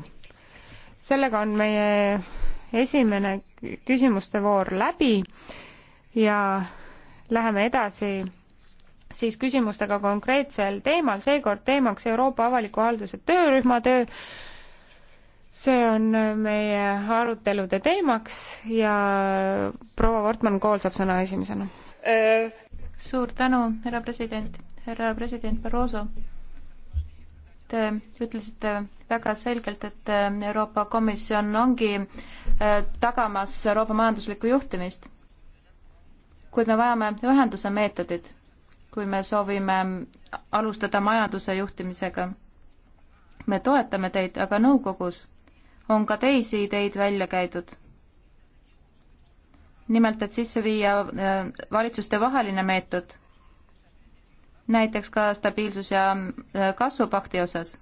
sellega on meie esimene küsimuste voor läbi ja läheme edasi siis küsimustega konkreetsel teemal, seekord teemaks Euroopa avaliku halduse töörühma töö see on meie arutelude teemaks ja proua Wortmann-Kool saab sõna esimesena äh.. suur tänu, härra president, härra president Barroso. Te ütlesite väga selgelt, et Euroopa Komisjon ongi äh, tagamas Euroopa majanduslikku juhtimist. kuid me vajame ühenduse meetodit, kui me soovime alustada majanduse juhtimisega. me toetame teid, aga nõukogus on ka teisi ideid välja käidud. nimelt, et sisse viia äh, valitsuste vaheline meetod, näiteks ka stabiilsus- ja äh, kasvupakti osas.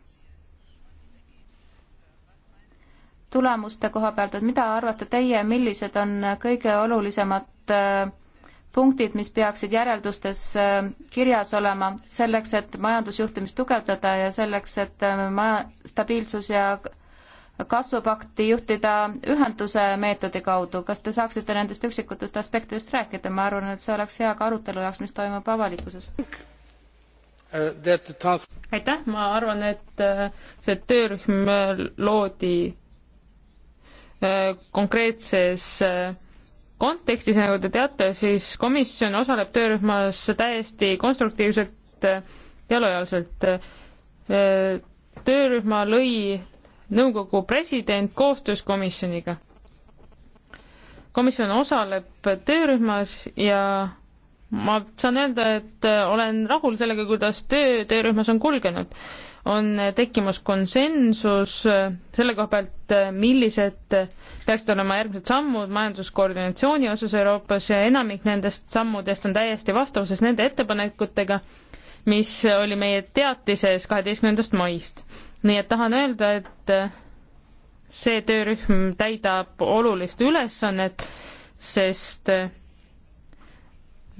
tulemuste koha pealt, et mida arvate teie, millised on kõige olulisemad äh, punktid, mis peaksid järeldustes kirjas olema selleks, et majandusjuhtimist tugevdada ja selleks, et maja, stabiilsus ja kasvupakti juhtida ühenduse meetodi kaudu, kas te saaksite nendest üksikutest aspektidest rääkida, ma arvan, et see oleks hea ka arutelu jaoks, mis toimub avalikkuses. aitäh, ma arvan, et äh, see töörühm äh, loodi äh, konkreetses kontekstis, nagu te teate, siis komisjon osaleb töörühmas täiesti konstruktiivselt ja lojaalselt. töörühma lõi nõukogu president koostöös komisjoniga. komisjon osaleb töörühmas ja ma saan öelda, et olen rahul sellega, kuidas töö töörühmas on kulgenud. on tekkimas konsensus selle koha pealt, millised peaksid olema järgmised sammud majanduskoordinatsiooni osas Euroopas ja enamik nendest sammudest on täiesti vastavuses nende ettepanekutega, mis oli meie teatises kaheteistkümnendast maist nii et tahan öelda, et äh, see töörühm täidab olulist ülesannet, sest äh,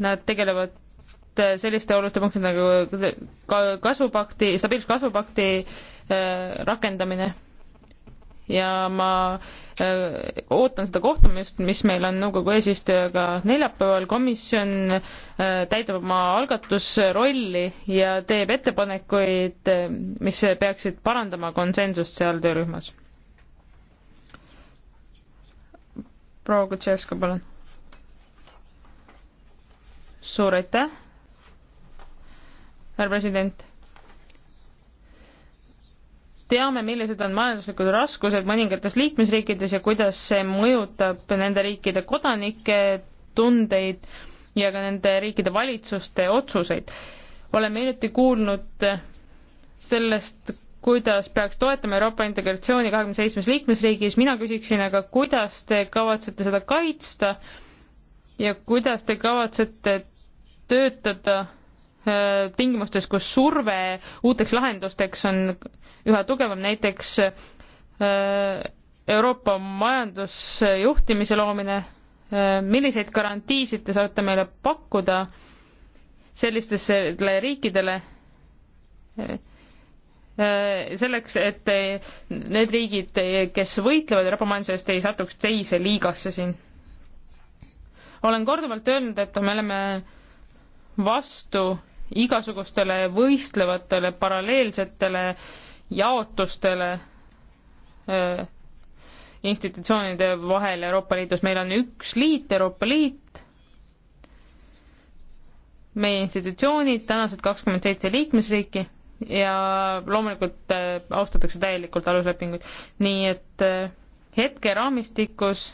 nad tegelevad äh, selliste oluliste punktidega nagu kasvupakti, stabiilsuskasvupakti rakendamine ja ma äh, ootan seda kohtumist, mis meil on nõukogu eesistujaga neljapäeval, komisjon äh, täidab oma algatusrolli ja teeb ettepanekuid, äh, mis peaksid parandama konsensust seal töörühmas. proua Kutševska, palun. suur aitäh, härra president teame, millised on majanduslikud raskused mõningates liikmesriikides ja kuidas see mõjutab nende riikide kodanike tundeid ja ka nende riikide valitsuste otsuseid. oleme hiljuti kuulnud sellest, kuidas peaks toetama Euroopa integratsiooni kahekümne seitsmes liikmesriigis, mina küsiksin aga, kuidas te kavatsete seda kaitsta ja kuidas te kavatsete töötada Äh, tingimustes, kus surve uuteks lahendusteks on üha tugevam, näiteks äh, Euroopa majandusjuhtimise loomine, äh, milliseid garantiisid te saate meile pakkuda sellistele riikidele, selleks, et need riigid, kes võitlevad Euroopa majanduse eest, ei satuks teise liigasse siin? olen korduvalt öelnud, et me oleme vastu igasugustele võistlevatele paralleelsetele jaotustele äh, institutsioonide vahel Euroopa Liidus, meil on üks liit, Euroopa Liit, meie institutsioonid, tänased kakskümmend seitse liikmesriiki ja loomulikult äh, austatakse täielikult aluslepinguid. nii et äh, hetkeraamistikus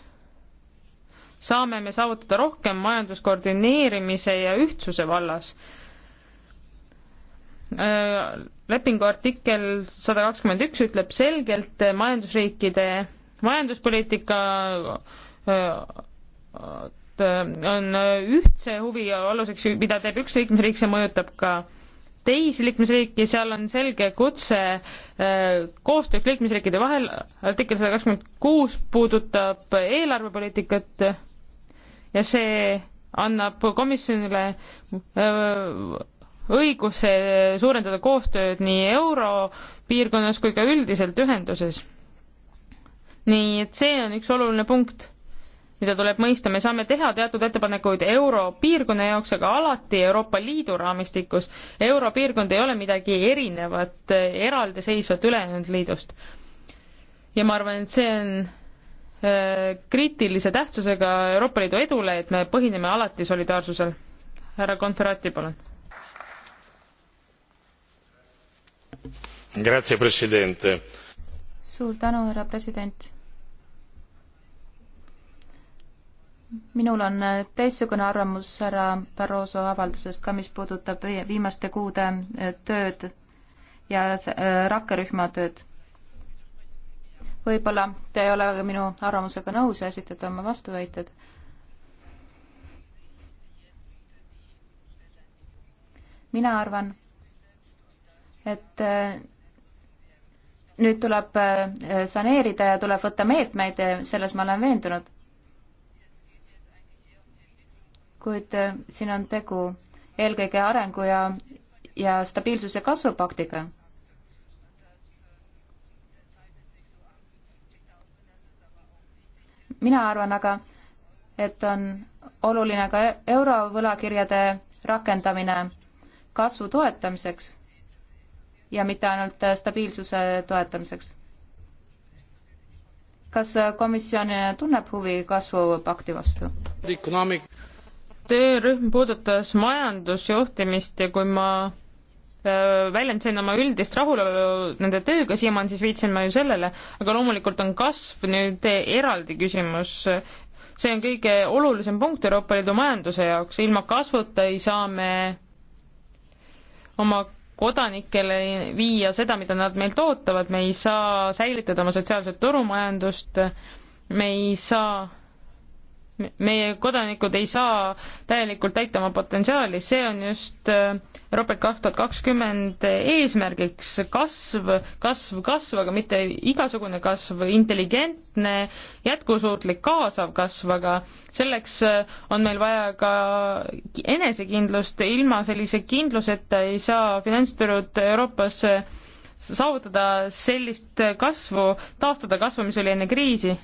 saame me saavutada rohkem majanduskoordineerimise ja ühtsuse vallas Äh, lepingu artikkel sada kakskümmend üks ütleb selgelt majandusriikide majanduspoliitika äh, äh, on ühtse huvi aluseks, mida teeb üks liikmesriik, see mõjutab ka teisi liikmesriiki, seal on selge kutse koostööks liikmesriikide vahel, artikkel sada kakskümmend kuus puudutab eelarvepoliitikat ja see annab komisjonile õiguse suurendada koostööd nii europiirkonnas kui ka üldiselt ühenduses. nii et see on üks oluline punkt, mida tuleb mõista, me saame teha teatud ettepanekuid europiirkonna jaoks, aga alati Euroopa Liidu raamistikus. europiirkond ei ole midagi erinevat, eraldiseisvat ülejäänud liidust. ja ma arvan, et see on äh, kriitilise tähtsusega Euroopa Liidu edule, et me põhineme alati solidaarsusel. härra Konferati, palun suur tänu, härra president. minul on teistsugune arvamus härra Barroso avaldusest ka, mis puudutab viimaste kuude eh, tööd ja eh, rakkerühma tööd. võib-olla te ei ole minu arvamusega nõus ja esitate oma vastuväited mina arvan, et äh, nüüd tuleb äh, saneerida ja tuleb võtta meetmeid, selles ma olen veendunud. kuid äh, siin on tegu eelkõige arengu ja, ja stabiilsuse kasvupaktiga mina arvan aga, et on oluline ka eurovõlakirjade rakendamine kasvu toetamiseks ja mitte ainult stabiilsuse toetamiseks. kas komisjon tunneb huvi kasvupakti vastu? töörühm puudutas majandusjuhtimist ja kui ma äh, väljendasin oma üldist rahulolu nende tööga siiamaani, siis viitasin ma ju sellele, aga loomulikult on kasv nüüd eraldi küsimus. see on kõige olulisem punkt Euroopa Liidu majanduse jaoks, ilma kasvuta ei saa me oma kodanikele viia seda, mida nad meilt ootavad, me ei saa säilitada oma sotsiaalset turumajandust, me ei saa meie kodanikud ei saa täielikult täita oma potentsiaali, see on just äh, Euroopa kaks tuhat kakskümmend eesmärgiks, kasv, kasv, kasv, aga mitte igasugune kasv, intelligentne, jätkusuutlik, kaasav kasv, aga selleks äh, on meil vaja ka enesekindlust, ilma sellise kindluseta ei saa finantsturud Euroopas saavutada sellist kasvu, taastada kasvu, mis oli enne kriisi.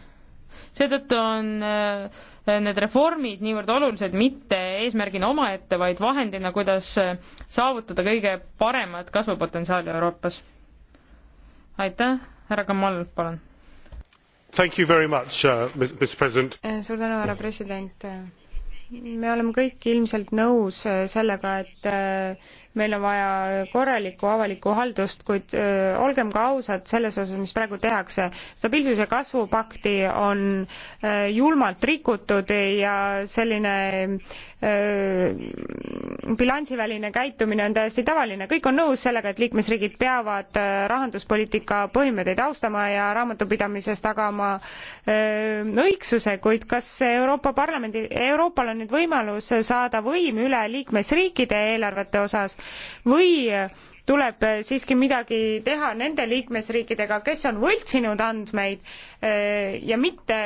seetõttu on äh, need reformid niivõrd olulised mitte eesmärgina omaette, vaid vahendina, kuidas saavutada kõige paremat kasvupotentsiaali Euroopas. aitäh, härra Kamal, palun. Uh, äh, suur tänu, härra president äh, me oleme kõik ilmselt nõus äh, sellega, et meil on vaja korralikku avalikku haldust, kuid öö, olgem ka ausad selles osas, mis praegu tehakse. stabiilsuse kasvupakti on öö, julmalt rikutud ja selline bilansiväline käitumine on täiesti tavaline, kõik on nõus sellega, et liikmesriigid peavad rahanduspoliitika põhimõtteid austama ja raamatupidamises tagama õigsuse, kuid kas Euroopa Parlamendi, Euroopal on nüüd võimalus saada võim üle liikmesriikide eelarvete osas või tuleb siiski midagi teha nende liikmesriikidega, kes on võltsinud andmeid eh, ja mitte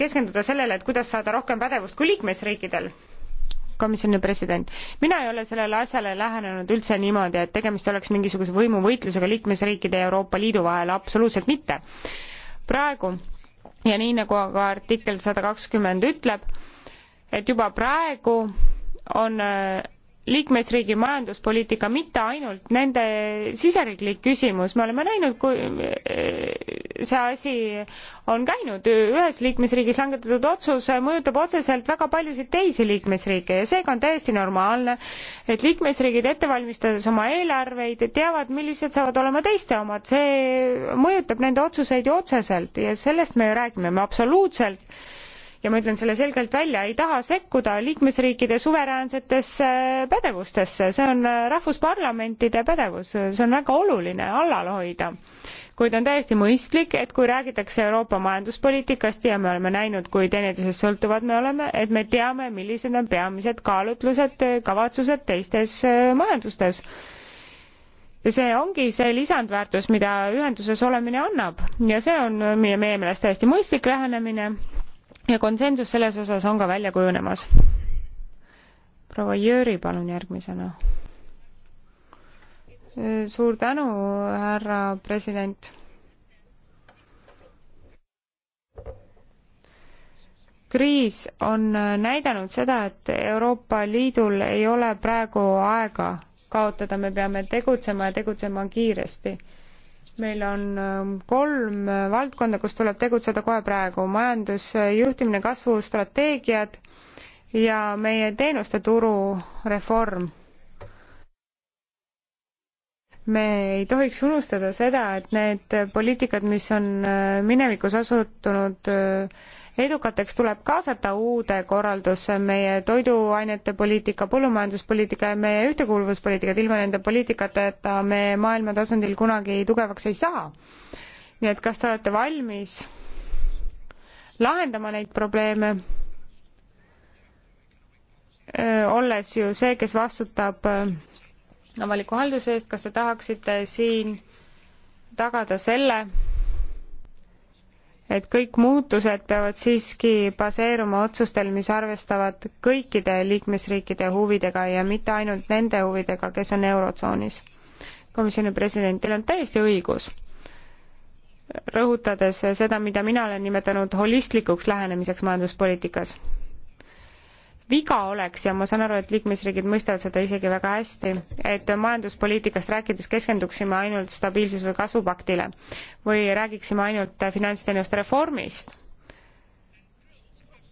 keskenduda sellele, et kuidas saada rohkem pädevust kui liikmesriikidel? komisjoni president, mina ei ole sellele asjale lähenenud üldse niimoodi, et tegemist oleks mingisuguse võimuvõitlusega liikmesriikide ja Euroopa Liidu vahel, absoluutselt mitte. praegu ja nii, nagu aga artikkel sada kakskümmend ütleb, et juba praegu on eh, liikmesriigi majanduspoliitika mitte ainult nende siseriiklik küsimus, me oleme näinud, kui eh, see asi on käinud, ühes liikmesriigis langetatud otsus mõjutab otseselt väga paljusid teisi liikmesriike ja seega on täiesti normaalne, et liikmesriigid ette valmistades oma eelarveid teavad, millised saavad olema teiste omad, see mõjutab nende otsuseid ju otseselt ja sellest me ju räägime, me absoluutselt ja ma ütlen selle selgelt välja, ei taha sekkuda liikmesriikide suveräänsetesse pädevustesse, see on äh, rahvusparlamentide pädevus, see on väga oluline allal hoida kuid on täiesti mõistlik, et kui räägitakse Euroopa majanduspoliitikast ja me oleme näinud, kui teineteisest sõltuvad me oleme, et me teame, millised on peamised kaalutlused, kavatsused teistes äh, majandustes. ja see ongi see lisandväärtus, mida ühenduses olemine annab ja see on meie, meie meelest täiesti mõistlik lähenemine ja konsensus selles osas on ka välja kujunemas. proua Jüri, palun järgmisena. suur tänu, härra president. kriis on näidanud seda, et Euroopa Liidul ei ole praegu aega kaotada, me peame tegutsema ja tegutsema kiiresti meil on ähm, kolm äh, valdkonda, kus tuleb tegutseda kohe praegu, majandusjuhtimine, äh, kasvustrateegiad ja meie teenuste turu reform. me ei tohiks unustada seda, et need poliitikad, mis on äh, minevikus osutunud äh, edukateks tuleb kaasata uude korraldusse meie toiduainete poliitika, põllumajanduspoliitika ja meie ühtekuuluvuspoliitikat, ilma nende poliitikateta me maailma tasandil kunagi tugevaks ei saa. nii et kas te olete valmis lahendama neid probleeme? olles ju see, kes vastutab avaliku halduse eest, kas te tahaksite siin tagada selle, et kõik muutused peavad siiski baseeruma otsustel, mis arvestavad kõikide liikmesriikide huvidega ja mitte ainult nende huvidega, kes on Eurotsoonis. komisjoni presidendil on täiesti õigus, rõhutades seda, mida mina olen nimetanud holistlikuks lähenemiseks majanduspoliitikas viga oleks ja ma saan aru, et liikmesriigid mõistavad seda isegi väga hästi, et majanduspoliitikast rääkides keskenduksime ainult stabiilsus- või kasvupaktile või räägiksime ainult finantsteenuste reformist.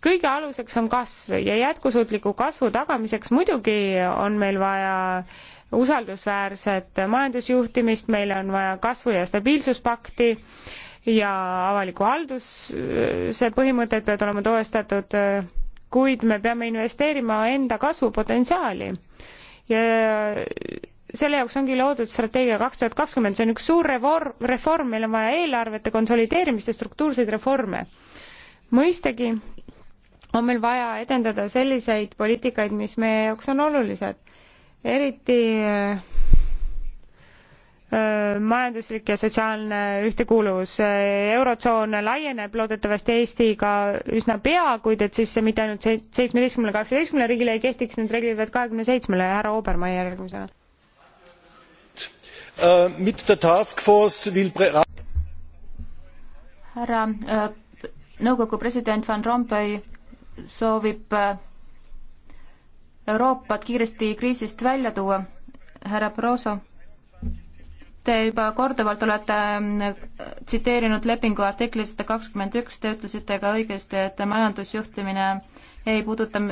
kõige aluseks on kasv ja jätkusuutliku kasvu tagamiseks muidugi on meil vaja usaldusväärset majandusjuhtimist, meil on vaja kasvu- ja stabiilsuspakti ja avaliku halduse põhimõtted peavad olema toestatud kuid me peame investeerima enda kasvupotentsiaali. ja selle jaoks ongi loodud strateegia kaks tuhat kakskümmend, see on üks suur reform, reform, meil on vaja eelarvete konsolideerimist ja struktuurseid reforme. mõistagi on meil vaja edendada selliseid poliitikaid, mis meie jaoks on olulised, eriti Äh, majanduslik ja sotsiaalne ühtekuuluvus. Äh, eurotsoon laieneb loodetavasti Eestiga üsna pea, kuid et siis mitte ainult seitsmeteistkümnele, kaheksateistkümnele riigile ei kehtiks, need reeglid peavad kahekümne seitsmele, härra Obermaier järgmisena. Äh, härra nõukogu president Van Rompuy soovib Euroopat kiiresti kriisist välja tuua, härra Barroso Te juba korduvalt olete mm, tsiteerinud lepingu artikli sada kakskümmend üks, te ütlesite ka õigesti, et majandusjuhtimine ei puuduta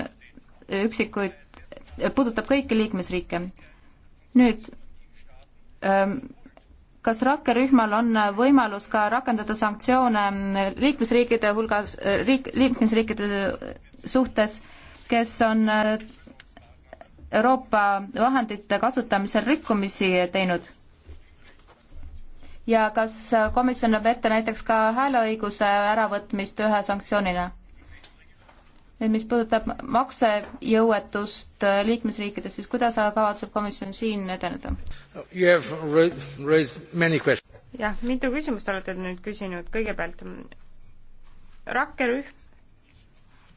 üksikuid, puudutab kõiki liikmesriike. nüüd, mm, kas rakkerühmal on võimalus ka rakendada sanktsioone liikmesriikide hulgas, riik, liikmesriikide suhtes, kes on mm, Euroopa vahendite kasutamisel rikkumisi teinud? ja kas komisjon näeb ette näiteks ka hääleõiguse äravõtmist ühe sanktsioonina? nüüd, mis puudutab maksejõuetust liikmesriikides, siis kuidas kavatseb komisjon siin edeneda? jah, mitu küsimust olete nüüd küsinud, kõigepealt rakkerühm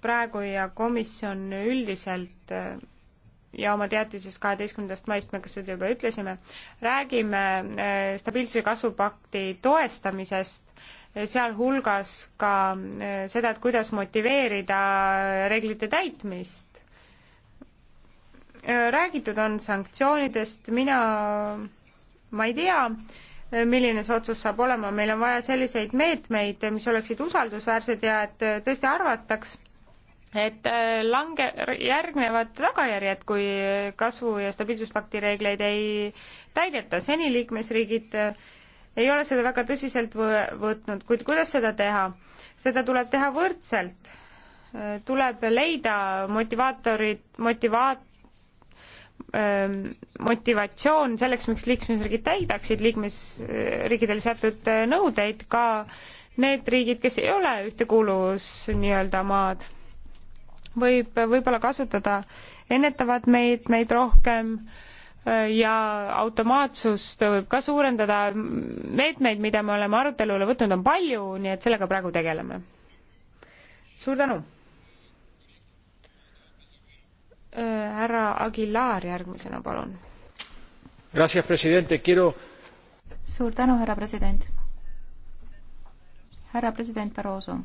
praegu ja komisjon üldiselt ja oma teatises kaheteistkümnendast maist me ka seda juba ütlesime, räägime eh, stabiilsuse kasvupakti toestamisest, eh, sealhulgas ka eh, seda, et kuidas motiveerida reeglite täitmist. räägitud on sanktsioonidest, mina, ma ei tea, milline see otsus saab olema, meil on vaja selliseid meetmeid, mis oleksid usaldusväärsed ja et tõesti arvataks, et äh, lange, järgnevad tagajärjed, kui kasvu- ja stabiilsuspakti reegleid ei täideta. seni liikmesriigid äh, ei ole seda väga tõsiselt võtnud, kuid kuidas seda teha? seda tuleb teha võrdselt. Äh, tuleb leida motivaatorid, motivaat-, ähm, motivatsioon selleks, miks liikmesriigid täidaksid liikmesriikidel seatud nõudeid, ka need riigid, kes ei ole ühtekuuluvus nii-öelda maad võib võib-olla kasutada ennetavad meetmeid rohkem äh, ja automaatsust võib ka suurendada. meetmeid, mida me oleme arutelule võtnud, on palju, nii et sellega praegu tegeleme. suur tänu! Äh, härra Aguilar järgmisena, palun. Quiero... suur tänu, härra president. härra president Barroso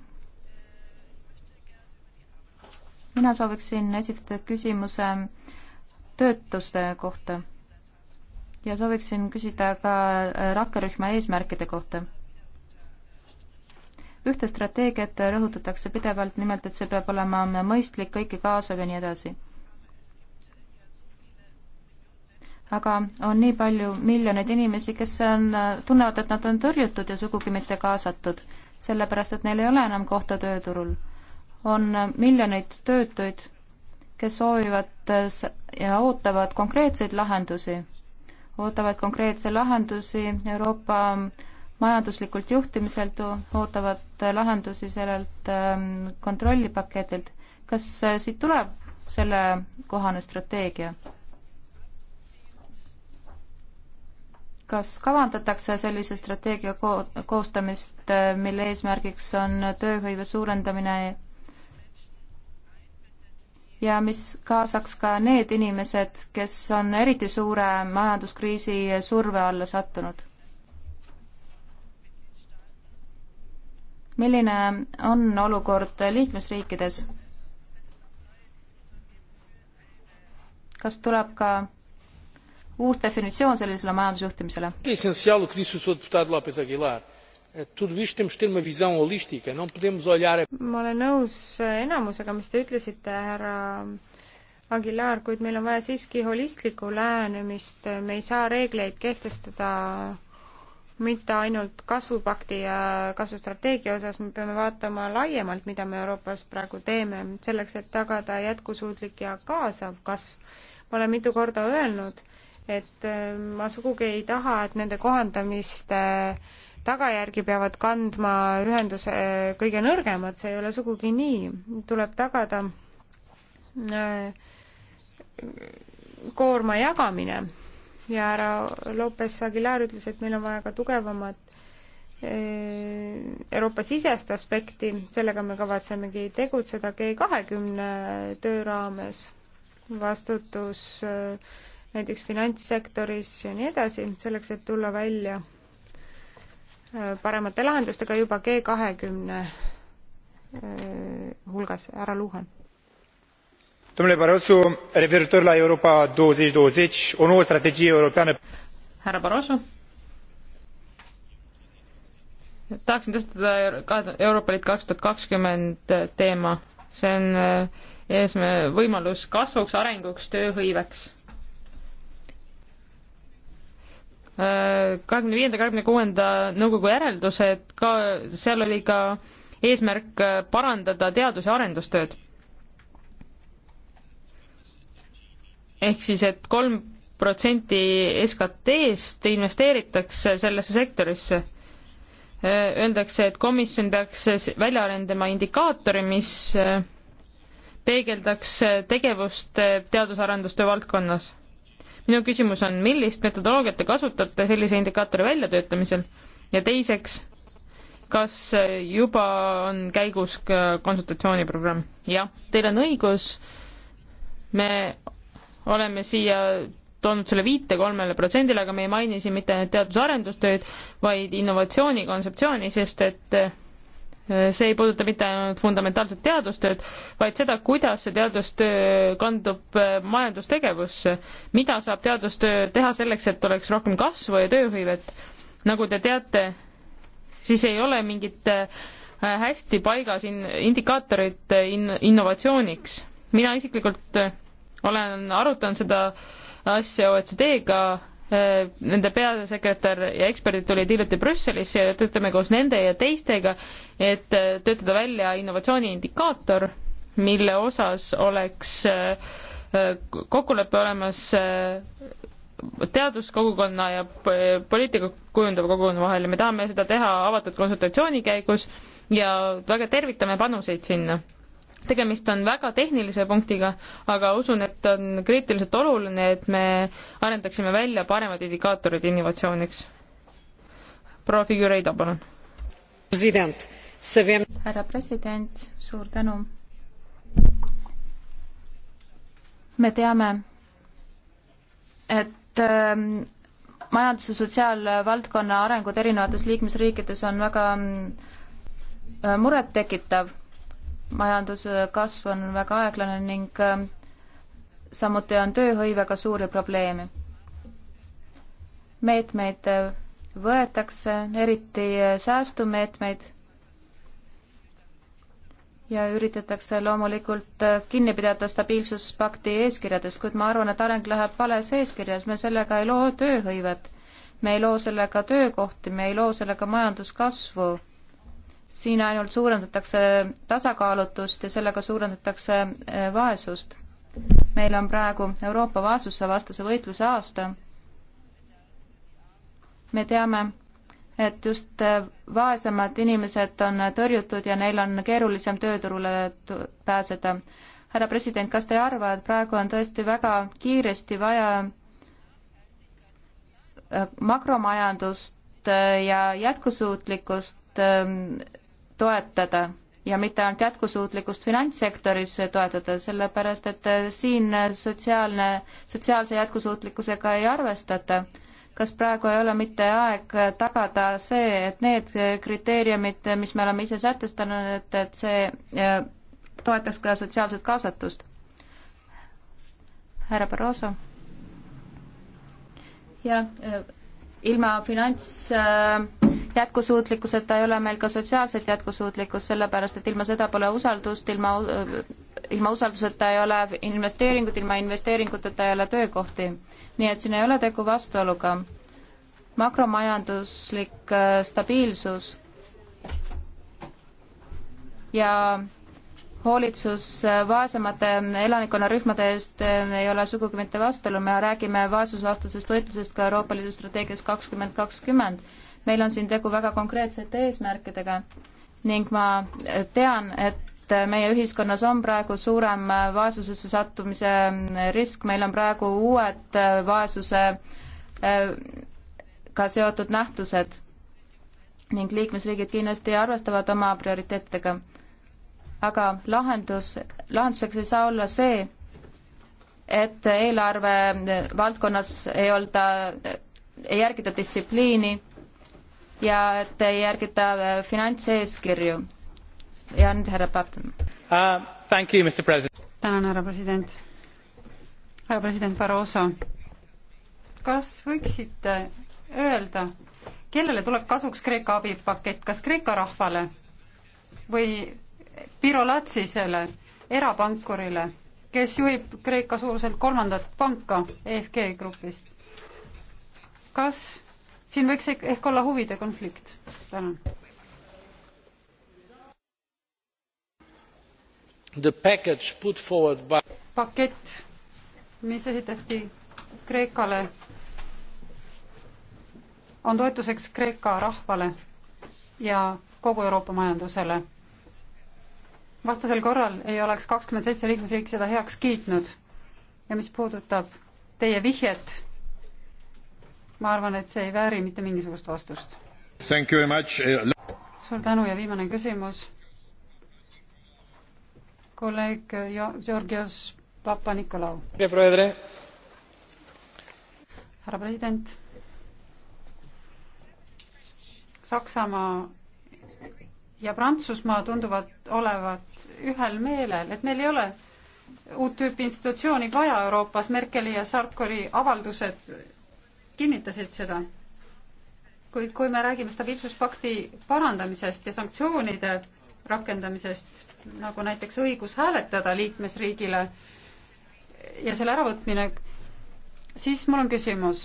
mina sooviksin esitada küsimuse töötuste kohta ja sooviksin küsida ka äh, rakkerühma eesmärkide kohta. ühte strateegiat rõhutatakse pidevalt, nimelt et see peab olema mõistlik, kõiki kaasav ja nii edasi. aga on nii palju miljoneid inimesi, kes on, äh, tunnevad, et nad on tõrjutud ja sugugi mitte kaasatud, sellepärast et neil ei ole enam kohta tööturul on miljoneid töötuid, kes soovivad äh, ja ootavad konkreetseid lahendusi, ootavad konkreetseid lahendusi Euroopa majanduslikult juhtimiselt, ootavad äh, lahendusi sellelt ähm, kontrollipaketilt. kas äh, siit tuleb sellekohane strateegia? kas kavandatakse sellise strateegia ko koostamist, mille eesmärgiks on tööhõive suurendamine ja mis kaasaks ka need inimesed, kes on eriti suure majanduskriisi surve alla sattunud. milline on olukord liikmesriikides? kas tuleb ka uus definitsioon sellisele majandusjuhtimisele? Eh, ma olen nõus eh, enamusega, mis te ütlesite, härra Aguilar, kuid meil on vaja siiski holistlikku lähenemist, me ei saa reegleid kehtestada mitte ainult kasvupakti ja kasvustrateegia osas, me peame vaatama laiemalt, mida me Euroopas praegu teeme, selleks et tagada jätkusuutlik ja kaasav kasv. ma olen mitu korda öelnud, et eh, ma sugugi ei taha, et nende kohandamiste äh, tagajärgi peavad kandma ühenduse eh, kõige nõrgemad, see ei ole sugugi nii, tuleb tagada eh, koorma jagamine ja härra Lopez Aguilar ütles, et meil on vaja ka tugevamat eh, Euroopa-sisest aspekti, sellega me kavatsemegi tegutseda G kahekümne töö raames, vastutus näiteks finantssektoris ja nii edasi, selleks, et tulla välja paremate lahendustega juba G kahekümne eh, hulgas, härra Luhan. domnule Barroso, referitor la Europa douăzeci douăzeci, o nouă strategie europeană. härra Barroso. tahaksin tõstatada Euroopa Liit kaks tuhat kakskümmend teema, see on eh, eesmä-, võimalus kasvuks, arenguks, tööhõiveks kahekümne viienda, kahekümne kuuenda nõukogu järeldused, ka seal oli ka eesmärk äh, parandada teadus- ja arendustööd. ehk siis et, et kolm protsenti SKT-st investeeritakse sellesse sektorisse. Äh, öeldakse, et komisjon peaks välja arendama indikaatori, mis äh, peegeldaks tegevust teadus-arendustöö valdkonnas minu küsimus on, millist metodoloogiat te kasutate sellise indikaatori väljatöötamisel ja teiseks, kas juba on käigus ka konsultatsiooniprogramm? jah, teil on õigus, me oleme siia toonud selle viite kolmele protsendile, aga me ei maini siin mitte ainult teadus-arendustööd, vaid innovatsiooni kontseptsiooni, sest et see ei puuduta mitte ainult fundamentaalset teadustööd, vaid seda, kuidas see teadustöö kandub äh, majandustegevusse. mida saab teadustöö teha selleks, et oleks rohkem kasvu ja tööhõivet? nagu te teate, siis ei ole mingit äh, hästi paigas in-, indikaatorit äh, in-, innovatsiooniks. mina isiklikult olen arutanud seda asja OECD-ga nende peasekretär ja eksperdid tulid hiljuti Brüsselisse ja töötame koos nende ja teistega, et äh, töötada välja innovatsiooniindikaator, mille osas oleks äh, äh, kokkulepe olemas teaduskogukonna ja poliitika kujundava kogukonna vahel ja me tahame seda teha avatud konsultatsiooni käigus ja väga tervitame panuseid sinna tegemist on väga tehnilise punktiga, aga usun, et on kriitiliselt oluline, et me arendaksime välja paremad indikaatorid innovatsiooniks. proua Figureido, palun. härra president, suur tänu. me teame, et ähm, majandus- ja sotsiaalvaldkonna arengud erinevates liikmesriikides on väga ähm, murettekitav majanduskasv on väga aeglane ning äh, samuti on tööhõivega suuri probleeme. meetmeid äh, võetakse, eriti äh, säästumeetmeid ja üritatakse loomulikult kinni pidada stabiilsuspakti eeskirjadest, kuid ma arvan, et areng läheb vales eeskirjas, me sellega ei loo tööhõivet, me ei loo sellega töökohti, me ei loo sellega majanduskasvu siin ainult suurendatakse tasakaalutust ja sellega suurendatakse eh, vaesust. meil on praegu Euroopa vaesusevastase võitluse aasta. me teame, et just eh, vaesemad inimesed on tõrjutud ja neil on keerulisem tööturule pääseda. härra president, kas te ei arva, et praegu on tõesti väga kiiresti vaja eh, makromajandust ja jätkusuutlikkust toetada ja mitte ainult jätkusuutlikkust finantssektoris toetada, sellepärast et äh, siin sotsiaalne, sotsiaalse jätkusuutlikkusega ei arvestata. kas praegu ei ole mitte aeg tagada see, et need kriteeriumid, mis me oleme ise sätestanud, et, et see äh, toetaks ka sotsiaalset kaasatust? härra Barroso? jah, äh, ilma finants äh, jätkusuutlikkuseta ei ole meil ka sotsiaalset jätkusuutlikkust, sellepärast et ilma seda pole usaldust, ilma, ilma usalduseta ei ole investeeringut, ilma investeeringuteta ei ole töökohti. nii et siin ei ole tegu vastuoluga. makromajanduslik äh, stabiilsus ja hoolitsus äh, vaesemate elanikkonnarühmade eest äh, ei ole sugugi mitte vastuolu, me räägime vaesusvastasest võitlusest ka Euroopa Liidu strateegias kakskümmend kakskümmend meil on siin tegu väga konkreetsete eesmärkidega ning ma tean, et meie ühiskonnas on praegu suurem vaesusesse sattumise risk, meil on praegu uued vaesusega äh, seotud nähtused ning liikmesriigid kindlasti arvestavad oma prioriteetidega. aga lahendus, lahenduseks ei saa olla see, et eelarve valdkonnas ei olda, ei järgita distsipliini ja et ei järgita äh, finantseeskirju. ja nüüd härra Patten uh,. tänan, härra president. härra president Barroso, kas võiksite öelda, kellele tuleb kasuks Kreeka abipakett, kas Kreeka rahvale või Pirolatsisele, erapankurile, kes juhib Kreeka suuruselt kolmandat panka EFG grupist? kas siin võiks ehk olla huvide konflikt. tänan. By... pakett, mis esitati Kreekale, on toetuseks Kreeka rahvale ja kogu Euroopa majandusele. vastasel korral ei oleks kakskümmend seitse liikmesriiki seda heaks kiitnud. ja mis puudutab teie vihjet ma arvan, et see ei vääri mitte mingisugust vastust. suur tänu ja viimane küsimus. kolleeg Georgios Papa-Nikolau. härra president. Saksamaa ja Prantsusmaa tunduvad olevat ühel meelel, et meil ei ole uut tüüpi institutsiooni vaja Euroopas, Merkeli ja Sarkozy avaldused kinnitasid seda. kuid kui me räägime stabiilsuspakti parandamisest ja sanktsioonide rakendamisest, nagu näiteks õigus hääletada liikmesriigile ja selle äravõtmine, siis mul on küsimus,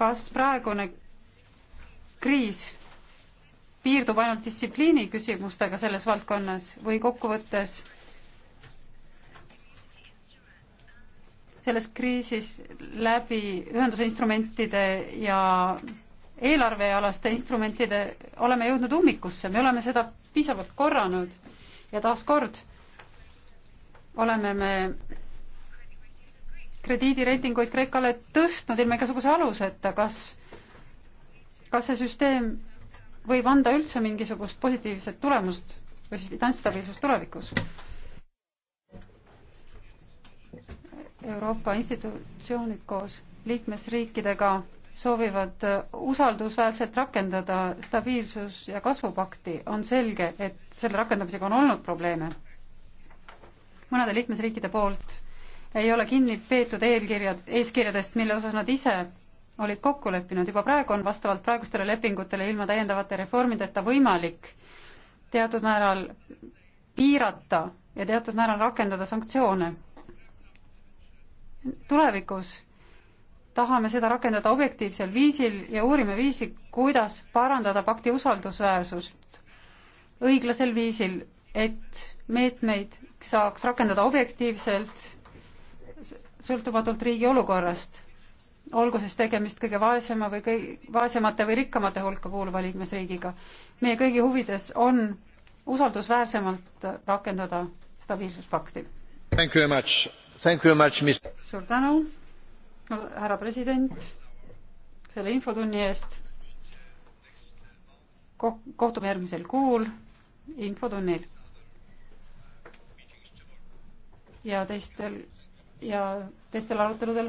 kas praegune kriis piirdub ainult distsipliini küsimustega selles valdkonnas või kokkuvõttes selles kriisis läbi ühenduse instrumentide ja eelarvealaste instrumentide oleme jõudnud ummikusse, me oleme seda piisavalt korranud ja taaskord oleme me krediidireitinguid Kreekale tõstnud ilma igasuguse aluseta, kas, kas see süsteem võib anda üldse mingisugust positiivset tulemust või siis finantsstabiilsust tulevikus? Euroopa institutsioonid koos liikmesriikidega soovivad äh, usaldusväärselt rakendada stabiilsus- ja kasvupakti, on selge, et selle rakendamisega on olnud probleeme. mõnede liikmesriikide poolt ei ole kinni peetud eelkirjad, eeskirjadest, mille osas nad ise olid kokku leppinud, juba praegu on vastavalt praegustele lepingutele ilma täiendavate reformideta võimalik teatud määral piirata ja teatud määral rakendada sanktsioone tulevikus tahame seda rakendada objektiivsel viisil ja uurime viisi, kuidas parandada pakti usaldusväärsust õiglasel viisil, et meetmeid saaks rakendada objektiivselt, sõltumatult riigi olukorrast, olgu siis tegemist kõige vaesema või kõi-, vaesemate või rikkamate hulka kuuluva liikmesriigiga. meie kõigi huvides on usaldusväärsemalt rakendada stabiilsuspakti. Thank you very much suur tänu, härra president, selle infotunni eest. kohtume järgmisel kuul infotunnil. ja teistel ja teistel aruteludel